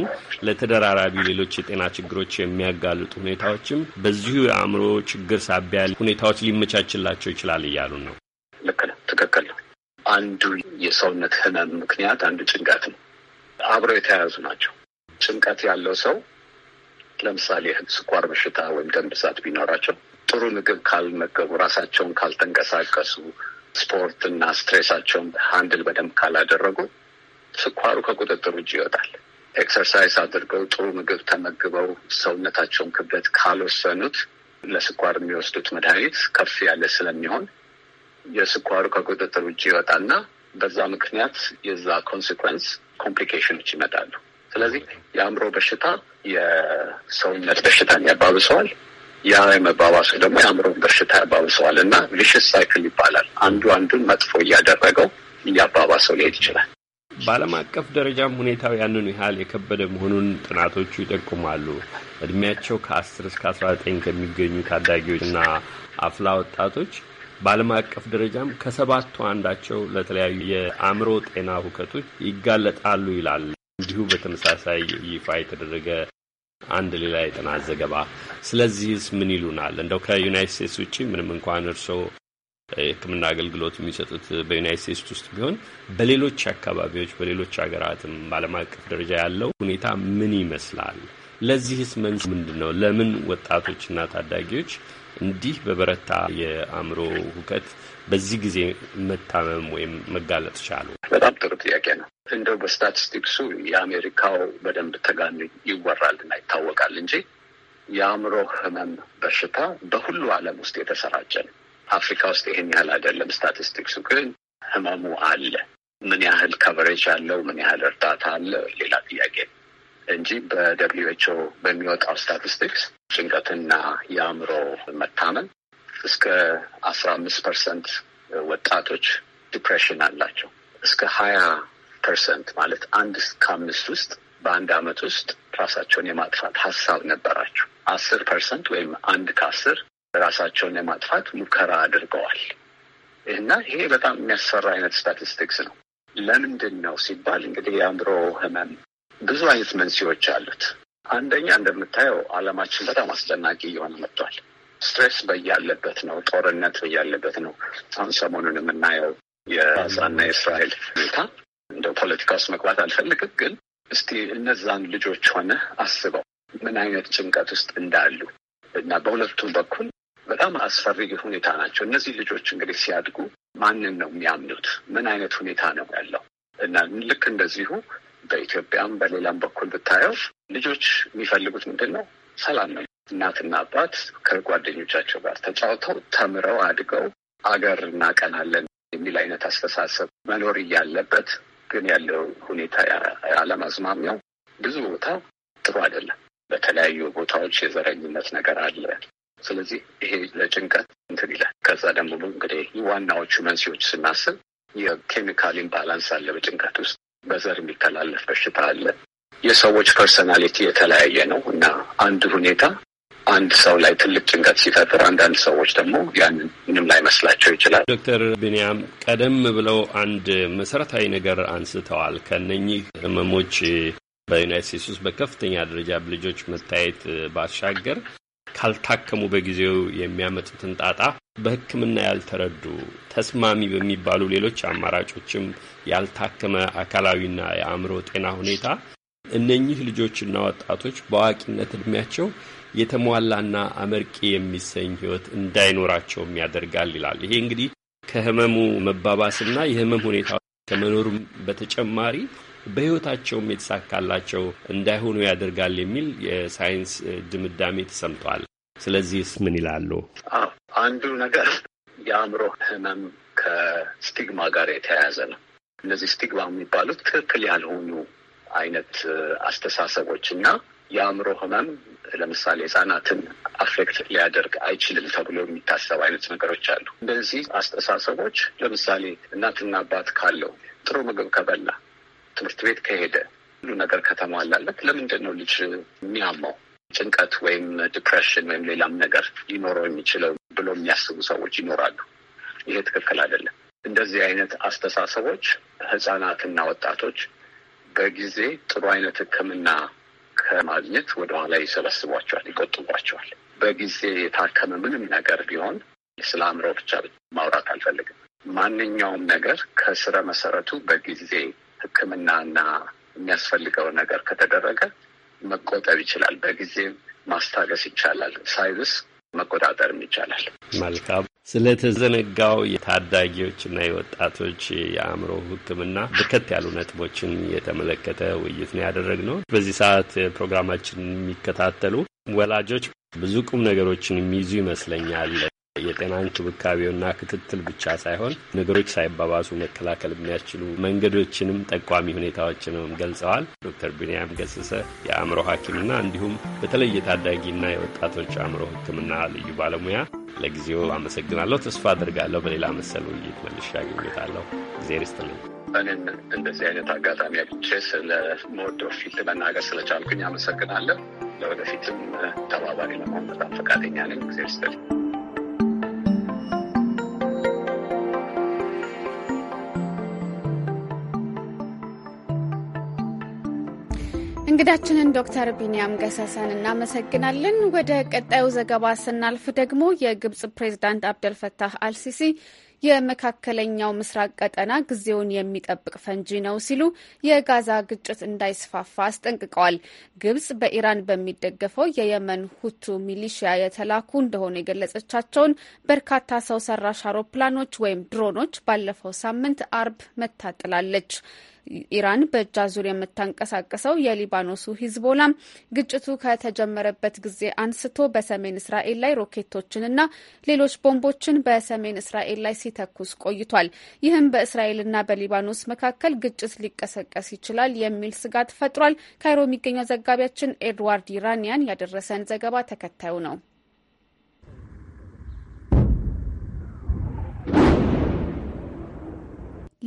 ለተደራራቢ ሌሎች የጤና ችግሮች የሚያጋልጡ ሁኔታዎችም በዚሁ የአእምሮ ችግር ሳቢያ ሁኔታዎች ሊመቻችላቸው ይችላል እያሉን ነው። ልክ ነው። አንዱ የሰውነት ህመም ምክንያት አንዱ ጭንቀት ነው። አብረው የተያያዙ ናቸው። ጭንቀት ያለው ሰው ለምሳሌ ስኳር በሽታ ወይም ደም ብዛት ቢኖራቸው ጥሩ ምግብ ካልመገቡ፣ ራሳቸውን ካልተንቀሳቀሱ፣ ስፖርት እና ስትሬሳቸውን ሀንድል በደንብ ካላደረጉ ስኳሩ ከቁጥጥር ውጭ ይወጣል። ኤክሰርሳይዝ አድርገው ጥሩ ምግብ ተመግበው ሰውነታቸውን ክብደት ካልወሰኑት ለስኳር የሚወስዱት መድኃኒት ከፍ ያለ ስለሚሆን የስኳሩ ከቁጥጥር ውጭ ይወጣና በዛ ምክንያት የዛ ኮንሲኩዌንስ ኮምፕሊኬሽኖች ይመጣሉ። ስለዚህ የአእምሮ በሽታ የሰውነት በሽታን ያባብሰዋል። ያ የመባባሱ ደግሞ የአእምሮ በሽታ ያባብሰዋል እና ቪሽስ ሳይክል ይባላል። አንዱ አንዱን መጥፎ እያደረገው እያባባሰው ሊሄድ ይችላል። በዓለም አቀፍ ደረጃም ሁኔታው ያንን ያህል የከበደ መሆኑን ጥናቶቹ ይጠቁማሉ። እድሜያቸው ከአስር እስከ አስራ ዘጠኝ ከሚገኙ ታዳጊዎችና አፍላ ወጣቶች በዓለም አቀፍ ደረጃም ከሰባቱ አንዳቸው ለተለያዩ የአእምሮ ጤና ሁከቶች ይጋለጣሉ ይላል። እንዲሁ በተመሳሳይ ይፋ የተደረገ አንድ ሌላ የጥናት ዘገባ። ስለዚህስ ምን ይሉናል? እንደው ከዩናይት ስቴትስ ውጭ ምንም እንኳን እርስዎ የሕክምና አገልግሎት የሚሰጡት በዩናይት ስቴትስ ውስጥ ቢሆን በሌሎች አካባቢዎች በሌሎች ሀገራትም በዓለም አቀፍ ደረጃ ያለው ሁኔታ ምን ይመስላል? ለዚህስ መንስ ምንድን ነው? ለምን ወጣቶችና ታዳጊዎች እንዲህ በበረታ የአእምሮ ሁከት በዚህ ጊዜ መታመም ወይም መጋለጥ ቻሉ? በጣም ጥሩ ጥያቄ ነው። እንደው በስታቲስቲክሱ የአሜሪካው በደንብ ተጋሚ ይወራልና ይታወቃል እንጂ የአእምሮ ህመም በሽታ በሁሉ ዓለም ውስጥ የተሰራጨ ነው። አፍሪካ ውስጥ ይህን ያህል አይደለም። ስታቲስቲክሱ ግን ህመሙ አለ። ምን ያህል ከቨሬጅ አለው፣ ምን ያህል እርዳታ አለ፣ ሌላ ጥያቄ ነው። እንጂ በደብሊው ኤች ኦ በሚወጣው ስታቲስቲክስ ጭንቀትና የአእምሮ መታመን እስከ አስራ አምስት ፐርሰንት ወጣቶች ዲፕሬሽን አላቸው። እስከ ሀያ ፐርሰንት ማለት አንድ ከአምስት ውስጥ በአንድ አመት ውስጥ ራሳቸውን የማጥፋት ሀሳብ ነበራቸው። አስር ፐርሰንት ወይም አንድ ከአስር ራሳቸውን የማጥፋት ሙከራ አድርገዋል እና ይሄ በጣም የሚያሰራ አይነት ስታቲስቲክስ ነው። ለምንድን ነው ሲባል እንግዲህ የአእምሮ ህመም ብዙ አይነት መንስኤዎች አሉት። አንደኛ እንደምታየው አለማችን በጣም አስጨናቂ እየሆነ መጥቷል። ስትሬስ በያለበት ነው። ጦርነት በያለበት ነው። አሁን ሰሞኑን የምናየው የዛና የእስራኤል ሁኔታ እንደ ፖለቲካ ውስጥ መግባት አልፈልግም፣ ግን እስቲ እነዛን ልጆች ሆነ አስበው ምን አይነት ጭንቀት ውስጥ እንዳሉ እና በሁለቱም በኩል በጣም አስፈሪ ሁኔታ ናቸው። እነዚህ ልጆች እንግዲህ ሲያድጉ ማንን ነው የሚያምኑት? ምን አይነት ሁኔታ ነው ያለው? እና ልክ እንደዚሁ በኢትዮጵያም በሌላም በኩል ብታየው ልጆች የሚፈልጉት ምንድን ነው? ሰላም ነው። እናትና አባት ከጓደኞቻቸው ጋር ተጫውተው ተምረው አድገው አገር እናቀናለን የሚል አይነት አስተሳሰብ መኖር እያለበት ግን ያለው ሁኔታ የዓለም ብዙ ቦታ ጥሩ አይደለም። በተለያዩ ቦታዎች የዘረኝነት ነገር አለ። ስለዚህ ይሄ ለጭንቀት እንትን ይላል። ከዛ ደግሞ እንግዲህ ዋናዎቹ መንስኤዎች ስናስብ የኬሚካል ኢምባላንስ አለ በጭንቀት ውስጥ በዘር የሚተላለፍ በሽታ አለ። የሰዎች ፐርሰናሊቲ የተለያየ ነው እና አንድ ሁኔታ አንድ ሰው ላይ ትልቅ ጭንቀት ሲፈጥር አንዳንድ ሰዎች ደግሞ ያንን ምንም መስላቸው ይችላል። ዶክተር ቢንያም ቀደም ብለው አንድ መሰረታዊ ነገር አንስተዋል። ከነኚህ ህመሞች በዩናይት ስቴትስ ውስጥ በከፍተኛ ደረጃ ልጆች መታየት ባሻገር ካልታከሙ በጊዜው የሚያመጡትን ጣጣ በሕክምና ያልተረዱ ተስማሚ በሚባሉ ሌሎች አማራጮችም ያልታከመ አካላዊና የአእምሮ ጤና ሁኔታ እነኚህ ልጆችና ወጣቶች በአዋቂነት እድሜያቸው የተሟላና አመርቂ የሚሰኝ ህይወት እንዳይኖራቸውም ያደርጋል ይላል። ይሄ እንግዲህ ከህመሙ መባባስና የህመም ሁኔታ ከመኖሩም በተጨማሪ በሕይወታቸውም የተሳካላቸው እንዳይሆኑ ያደርጋል የሚል የሳይንስ ድምዳሜ ተሰምቷል። ስለዚህስ ምን ይላሉ? አንዱ ነገር የአእምሮ ህመም ከስቲግማ ጋር የተያያዘ ነው። እነዚህ ስቲግማ የሚባሉት ትክክል ያልሆኑ አይነት አስተሳሰቦች እና የአእምሮ ህመም ለምሳሌ ህጻናትን አፌክት ሊያደርግ አይችልም ተብሎ የሚታሰብ አይነት ነገሮች አሉ። እነዚህ አስተሳሰቦች ለምሳሌ እናትና አባት ካለው ጥሩ ምግብ ከበላ ትምህርት ቤት ከሄደ ሁሉ ነገር ከተሟላለት ለምንድን ነው ልጅ የሚያማው? ጭንቀት ወይም ዲፕሬሽን ወይም ሌላም ነገር ሊኖረው የሚችለው ብሎ የሚያስቡ ሰዎች ይኖራሉ። ይሄ ትክክል አይደለም። እንደዚህ አይነት አስተሳሰቦች ህጻናትና ወጣቶች በጊዜ ጥሩ አይነት ሕክምና ከማግኘት ወደኋላ ይሰበስቧቸዋል፣ ይቆጥቧቸዋል። በጊዜ የታከመ ምንም ነገር ቢሆን ስለ አእምሮ ብቻ ማውራት አልፈልግም። ማንኛውም ነገር ከስረ መሰረቱ በጊዜ ሕክምናና የሚያስፈልገው ነገር ከተደረገ መቆጠብ ይችላል። በጊዜም ማስታገስ ይቻላል። ሳይብስ መቆጣጠርም ይቻላል። መልካም። ስለተዘነጋው የታዳጊዎችና የወጣቶች የአእምሮ ሕክምና በርከት ያሉ ነጥቦችን የተመለከተ ውይይት ነው ያደረግነው። በዚህ ሰዓት ፕሮግራማችን የሚከታተሉ ወላጆች ብዙ ቁም ነገሮችን የሚይዙ ይመስለኛል። የጤና እንክብካቤውና ክትትል ብቻ ሳይሆን ነገሮች ሳይባባሱ መከላከል የሚያስችሉ መንገዶችንም ጠቋሚ ሁኔታዎችንም ገልጸዋል። ዶክተር ቢንያም ገሰሰ የአእምሮ ሐኪምና እንዲሁም በተለይ የታዳጊና የወጣቶች አእምሮ ሕክምና ልዩ ባለሙያ ለጊዜው አመሰግናለሁ። ተስፋ አድርጋለሁ በሌላ መሰል ውይይት መልሼ አግኝዎታለሁ። እግዜር ይስጥልኝ። እኔም እንደዚህ አይነት አጋጣሚ አግኝቼ ስለ መወደው ፊልድ መናገር ስለቻልኩኝ አመሰግናለሁ። ለወደፊትም ተባባሪ ለማመጣት ፈቃደኛ ነኝ። እግዜር ይስጥልኝ። እንግዳችንን ዶክተር ቢንያም ገሰሰን እናመሰግናለን። ወደ ቀጣዩ ዘገባ ስናልፍ ደግሞ የግብጽ ፕሬዝዳንት አብደልፈታህ አልሲሲ የመካከለኛው ምስራቅ ቀጠና ጊዜውን የሚጠብቅ ፈንጂ ነው ሲሉ የጋዛ ግጭት እንዳይስፋፋ አስጠንቅቀዋል። ግብጽ በኢራን በሚደገፈው የየመን ሁቱ ሚሊሺያ የተላኩ እንደሆኑ የገለጸቻቸውን በርካታ ሰው ሰራሽ አውሮፕላኖች ወይም ድሮኖች ባለፈው ሳምንት አርብ መታጥላለች። ኢራን በእጅ አዙር የምታንቀሳቀሰው የሊባኖሱ ሂዝቦላም ግጭቱ ከተጀመረበት ጊዜ አንስቶ በሰሜን እስራኤል ላይ ሮኬቶችንና ሌሎች ቦምቦችን በሰሜን እስራኤል ላይ ሲተኩስ ቆይቷል። ይህም በእስራኤልና በሊባኖስ መካከል ግጭት ሊቀሰቀስ ይችላል የሚል ስጋት ፈጥሯል። ካይሮ የሚገኘው ዘጋቢያችን ኤድዋርድ ኢራኒያን ያደረሰን ዘገባ ተከታዩ ነው።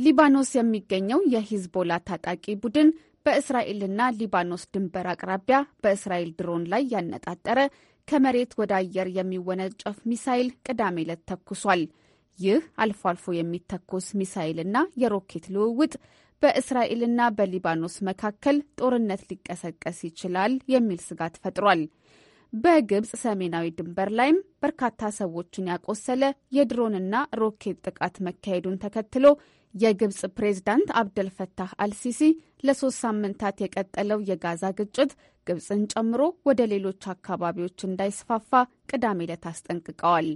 ሊባኖስ የሚገኘው የሂዝቦላ ታጣቂ ቡድን በእስራኤልና ሊባኖስ ድንበር አቅራቢያ በእስራኤል ድሮን ላይ ያነጣጠረ ከመሬት ወደ አየር የሚወነጨፍ ሚሳይል ቅዳሜ ዕለት ተኩሷል። ይህ አልፎ አልፎ የሚተኮስ ሚሳይልና የሮኬት ልውውጥ በእስራኤልና በሊባኖስ መካከል ጦርነት ሊቀሰቀስ ይችላል የሚል ስጋት ፈጥሯል። በግብፅ ሰሜናዊ ድንበር ላይም በርካታ ሰዎችን ያቆሰለ የድሮንና ሮኬት ጥቃት መካሄዱን ተከትሎ የግብጽ ፕሬዝዳንት አብደልፈታህ አልሲሲ ለሶስት ሳምንታት የቀጠለው የጋዛ ግጭት ግብጽን ጨምሮ ወደ ሌሎች አካባቢዎች እንዳይስፋፋ ቅዳሜ ዕለት አስጠንቅቀዋል።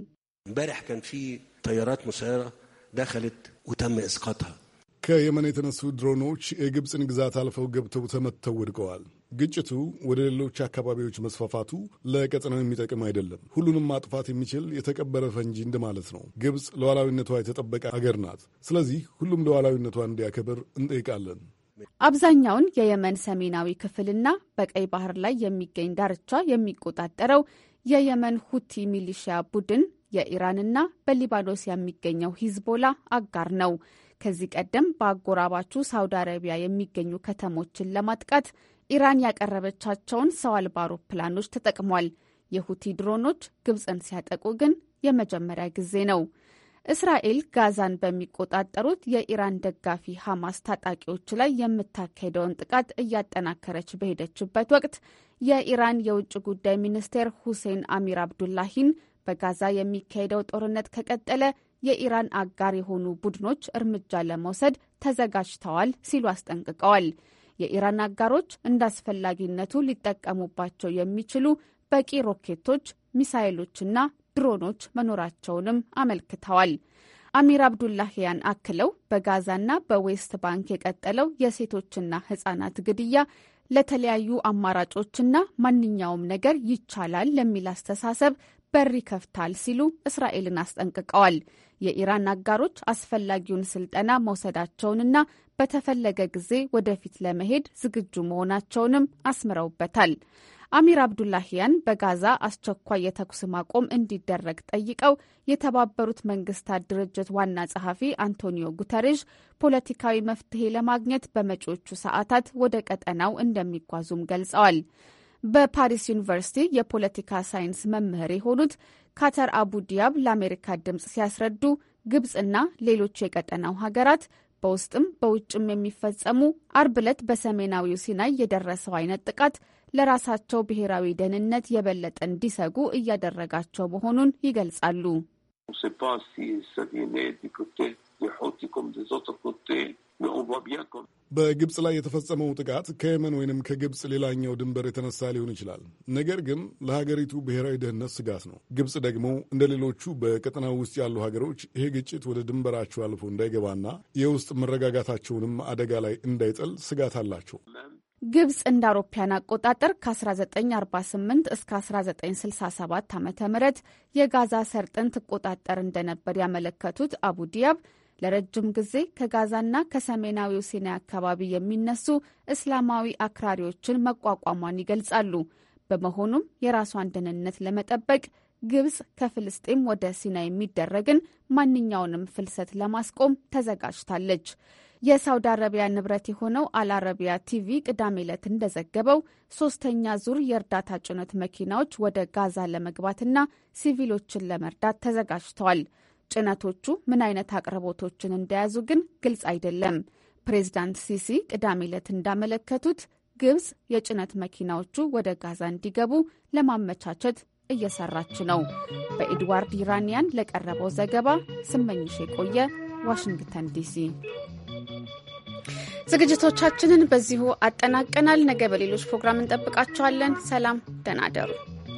ከየመን የተነሱ ድሮኖች የግብፅን ግዛት አልፈው ገብተው ተመትተው ወድቀዋል። ግጭቱ ወደ ሌሎች አካባቢዎች መስፋፋቱ ለቀጠናው የሚጠቅም አይደለም። ሁሉንም ማጥፋት የሚችል የተቀበረ ፈንጂ እንደማለት ነው። ግብፅ ሉዓላዊነቷ የተጠበቀ አገር ናት። ስለዚህ ሁሉም ለዋላዊነቷ እንዲያከብር እንጠይቃለን። አብዛኛውን የየመን ሰሜናዊ ክፍልና በቀይ ባህር ላይ የሚገኝ ዳርቻ የሚቆጣጠረው የየመን ሁቲ ሚሊሺያ ቡድን የኢራንና በሊባኖስ የሚገኘው ሂዝቦላ አጋር ነው። ከዚህ ቀደም በአጎራባቹ ሳውዲ አረቢያ የሚገኙ ከተሞችን ለማጥቃት ኢራን ያቀረበቻቸውን ሰው አልባ አውሮፕላኖች ተጠቅሟል። የሁቲ ድሮኖች ግብፅን ሲያጠቁ ግን የመጀመሪያ ጊዜ ነው። እስራኤል ጋዛን በሚቆጣጠሩት የኢራን ደጋፊ ሐማስ ታጣቂዎች ላይ የምታካሄደውን ጥቃት እያጠናከረች በሄደችበት ወቅት የኢራን የውጭ ጉዳይ ሚኒስቴር ሁሴን አሚር አብዱላሂን በጋዛ የሚካሄደው ጦርነት ከቀጠለ የኢራን አጋር የሆኑ ቡድኖች እርምጃ ለመውሰድ ተዘጋጅተዋል ሲሉ አስጠንቅቀዋል። የኢራን አጋሮች እንደ አስፈላጊነቱ ሊጠቀሙባቸው የሚችሉ በቂ ሮኬቶች፣ ሚሳይሎችና ድሮኖች መኖራቸውንም አመልክተዋል። አሚር አብዱላሂያን አክለው በጋዛና በዌስት ባንክ የቀጠለው የሴቶችና ህጻናት ግድያ ለተለያዩ አማራጮችና ማንኛውም ነገር ይቻላል ለሚል አስተሳሰብ በር ይከፍታል ሲሉ እስራኤልን አስጠንቅቀዋል። የኢራን አጋሮች አስፈላጊውን ስልጠና መውሰዳቸውንና በተፈለገ ጊዜ ወደፊት ለመሄድ ዝግጁ መሆናቸውንም አስምረውበታል። አሚር አብዱላሂያን በጋዛ አስቸኳይ የተኩስ ማቆም እንዲደረግ ጠይቀው የተባበሩት መንግስታት ድርጅት ዋና ጸሐፊ አንቶኒዮ ጉተሬዥ ፖለቲካዊ መፍትሄ ለማግኘት በመጪዎቹ ሰዓታት ወደ ቀጠናው እንደሚጓዙም ገልጸዋል። በፓሪስ ዩኒቨርሲቲ የፖለቲካ ሳይንስ መምህር የሆኑት ካተር አቡ ዲያብ ለአሜሪካ ድምፅ ሲያስረዱ ግብፅና ሌሎች የቀጠናው ሀገራት በውስጥም በውጭም የሚፈጸሙ አርብ ዕለት በሰሜናዊው ሲናይ የደረሰው አይነት ጥቃት ለራሳቸው ብሔራዊ ደህንነት የበለጠ እንዲሰጉ እያደረጋቸው መሆኑን ይገልጻሉ። ይሑቲኩም ዘዘጥርኩት ንኡባቢያኩም በግብፅ ላይ የተፈጸመው ጥቃት ከየመን ወይንም ከግብፅ ሌላኛው ድንበር የተነሳ ሊሆን ይችላል። ነገር ግን ለሀገሪቱ ብሔራዊ ደህንነት ስጋት ነው። ግብፅ ደግሞ እንደ ሌሎቹ በቀጠናው ውስጥ ያሉ ሀገሮች ይሄ ግጭት ወደ ድንበራቸው አልፎ እንዳይገባና የውስጥ መረጋጋታቸውንም አደጋ ላይ እንዳይጠል ስጋት አላቸው። ግብፅ እንደ አውሮፓያን አቆጣጠር ከ1948 እስከ 1967 ዓ ም የጋዛ ሰርጥን ትቆጣጠር እንደነበር ያመለከቱት አቡ ዲያብ ለረጅም ጊዜ ከጋዛና ከሰሜናዊው ሲናይ አካባቢ የሚነሱ እስላማዊ አክራሪዎችን መቋቋሟን ይገልጻሉ። በመሆኑም የራሷን ደህንነት ለመጠበቅ ግብጽ ከፍልስጤም ወደ ሲና የሚደረግን ማንኛውንም ፍልሰት ለማስቆም ተዘጋጅታለች። የሳውዲ አረቢያ ንብረት የሆነው አልአረቢያ ቲቪ ቅዳሜ ዕለት እንደዘገበው ሶስተኛ ዙር የእርዳታ ጭነት መኪናዎች ወደ ጋዛ ለመግባትና ሲቪሎችን ለመርዳት ተዘጋጅተዋል። ጭነቶቹ ምን አይነት አቅርቦቶችን እንደያዙ ግን ግልጽ አይደለም። ፕሬዚዳንት ሲሲ ቅዳሜ ዕለት እንዳመለከቱት ግብጽ የጭነት መኪናዎቹ ወደ ጋዛ እንዲገቡ ለማመቻቸት እየሰራች ነው። በኤድዋርድ ኢራኒያን ለቀረበው ዘገባ ስመኝሽ የቆየ ዋሽንግተን ዲሲ። ዝግጅቶቻችንን በዚሁ አጠናቀናል። ነገ በሌሎች ፕሮግራም እንጠብቃችኋለን። ሰላም፣ ደህና እደሩ።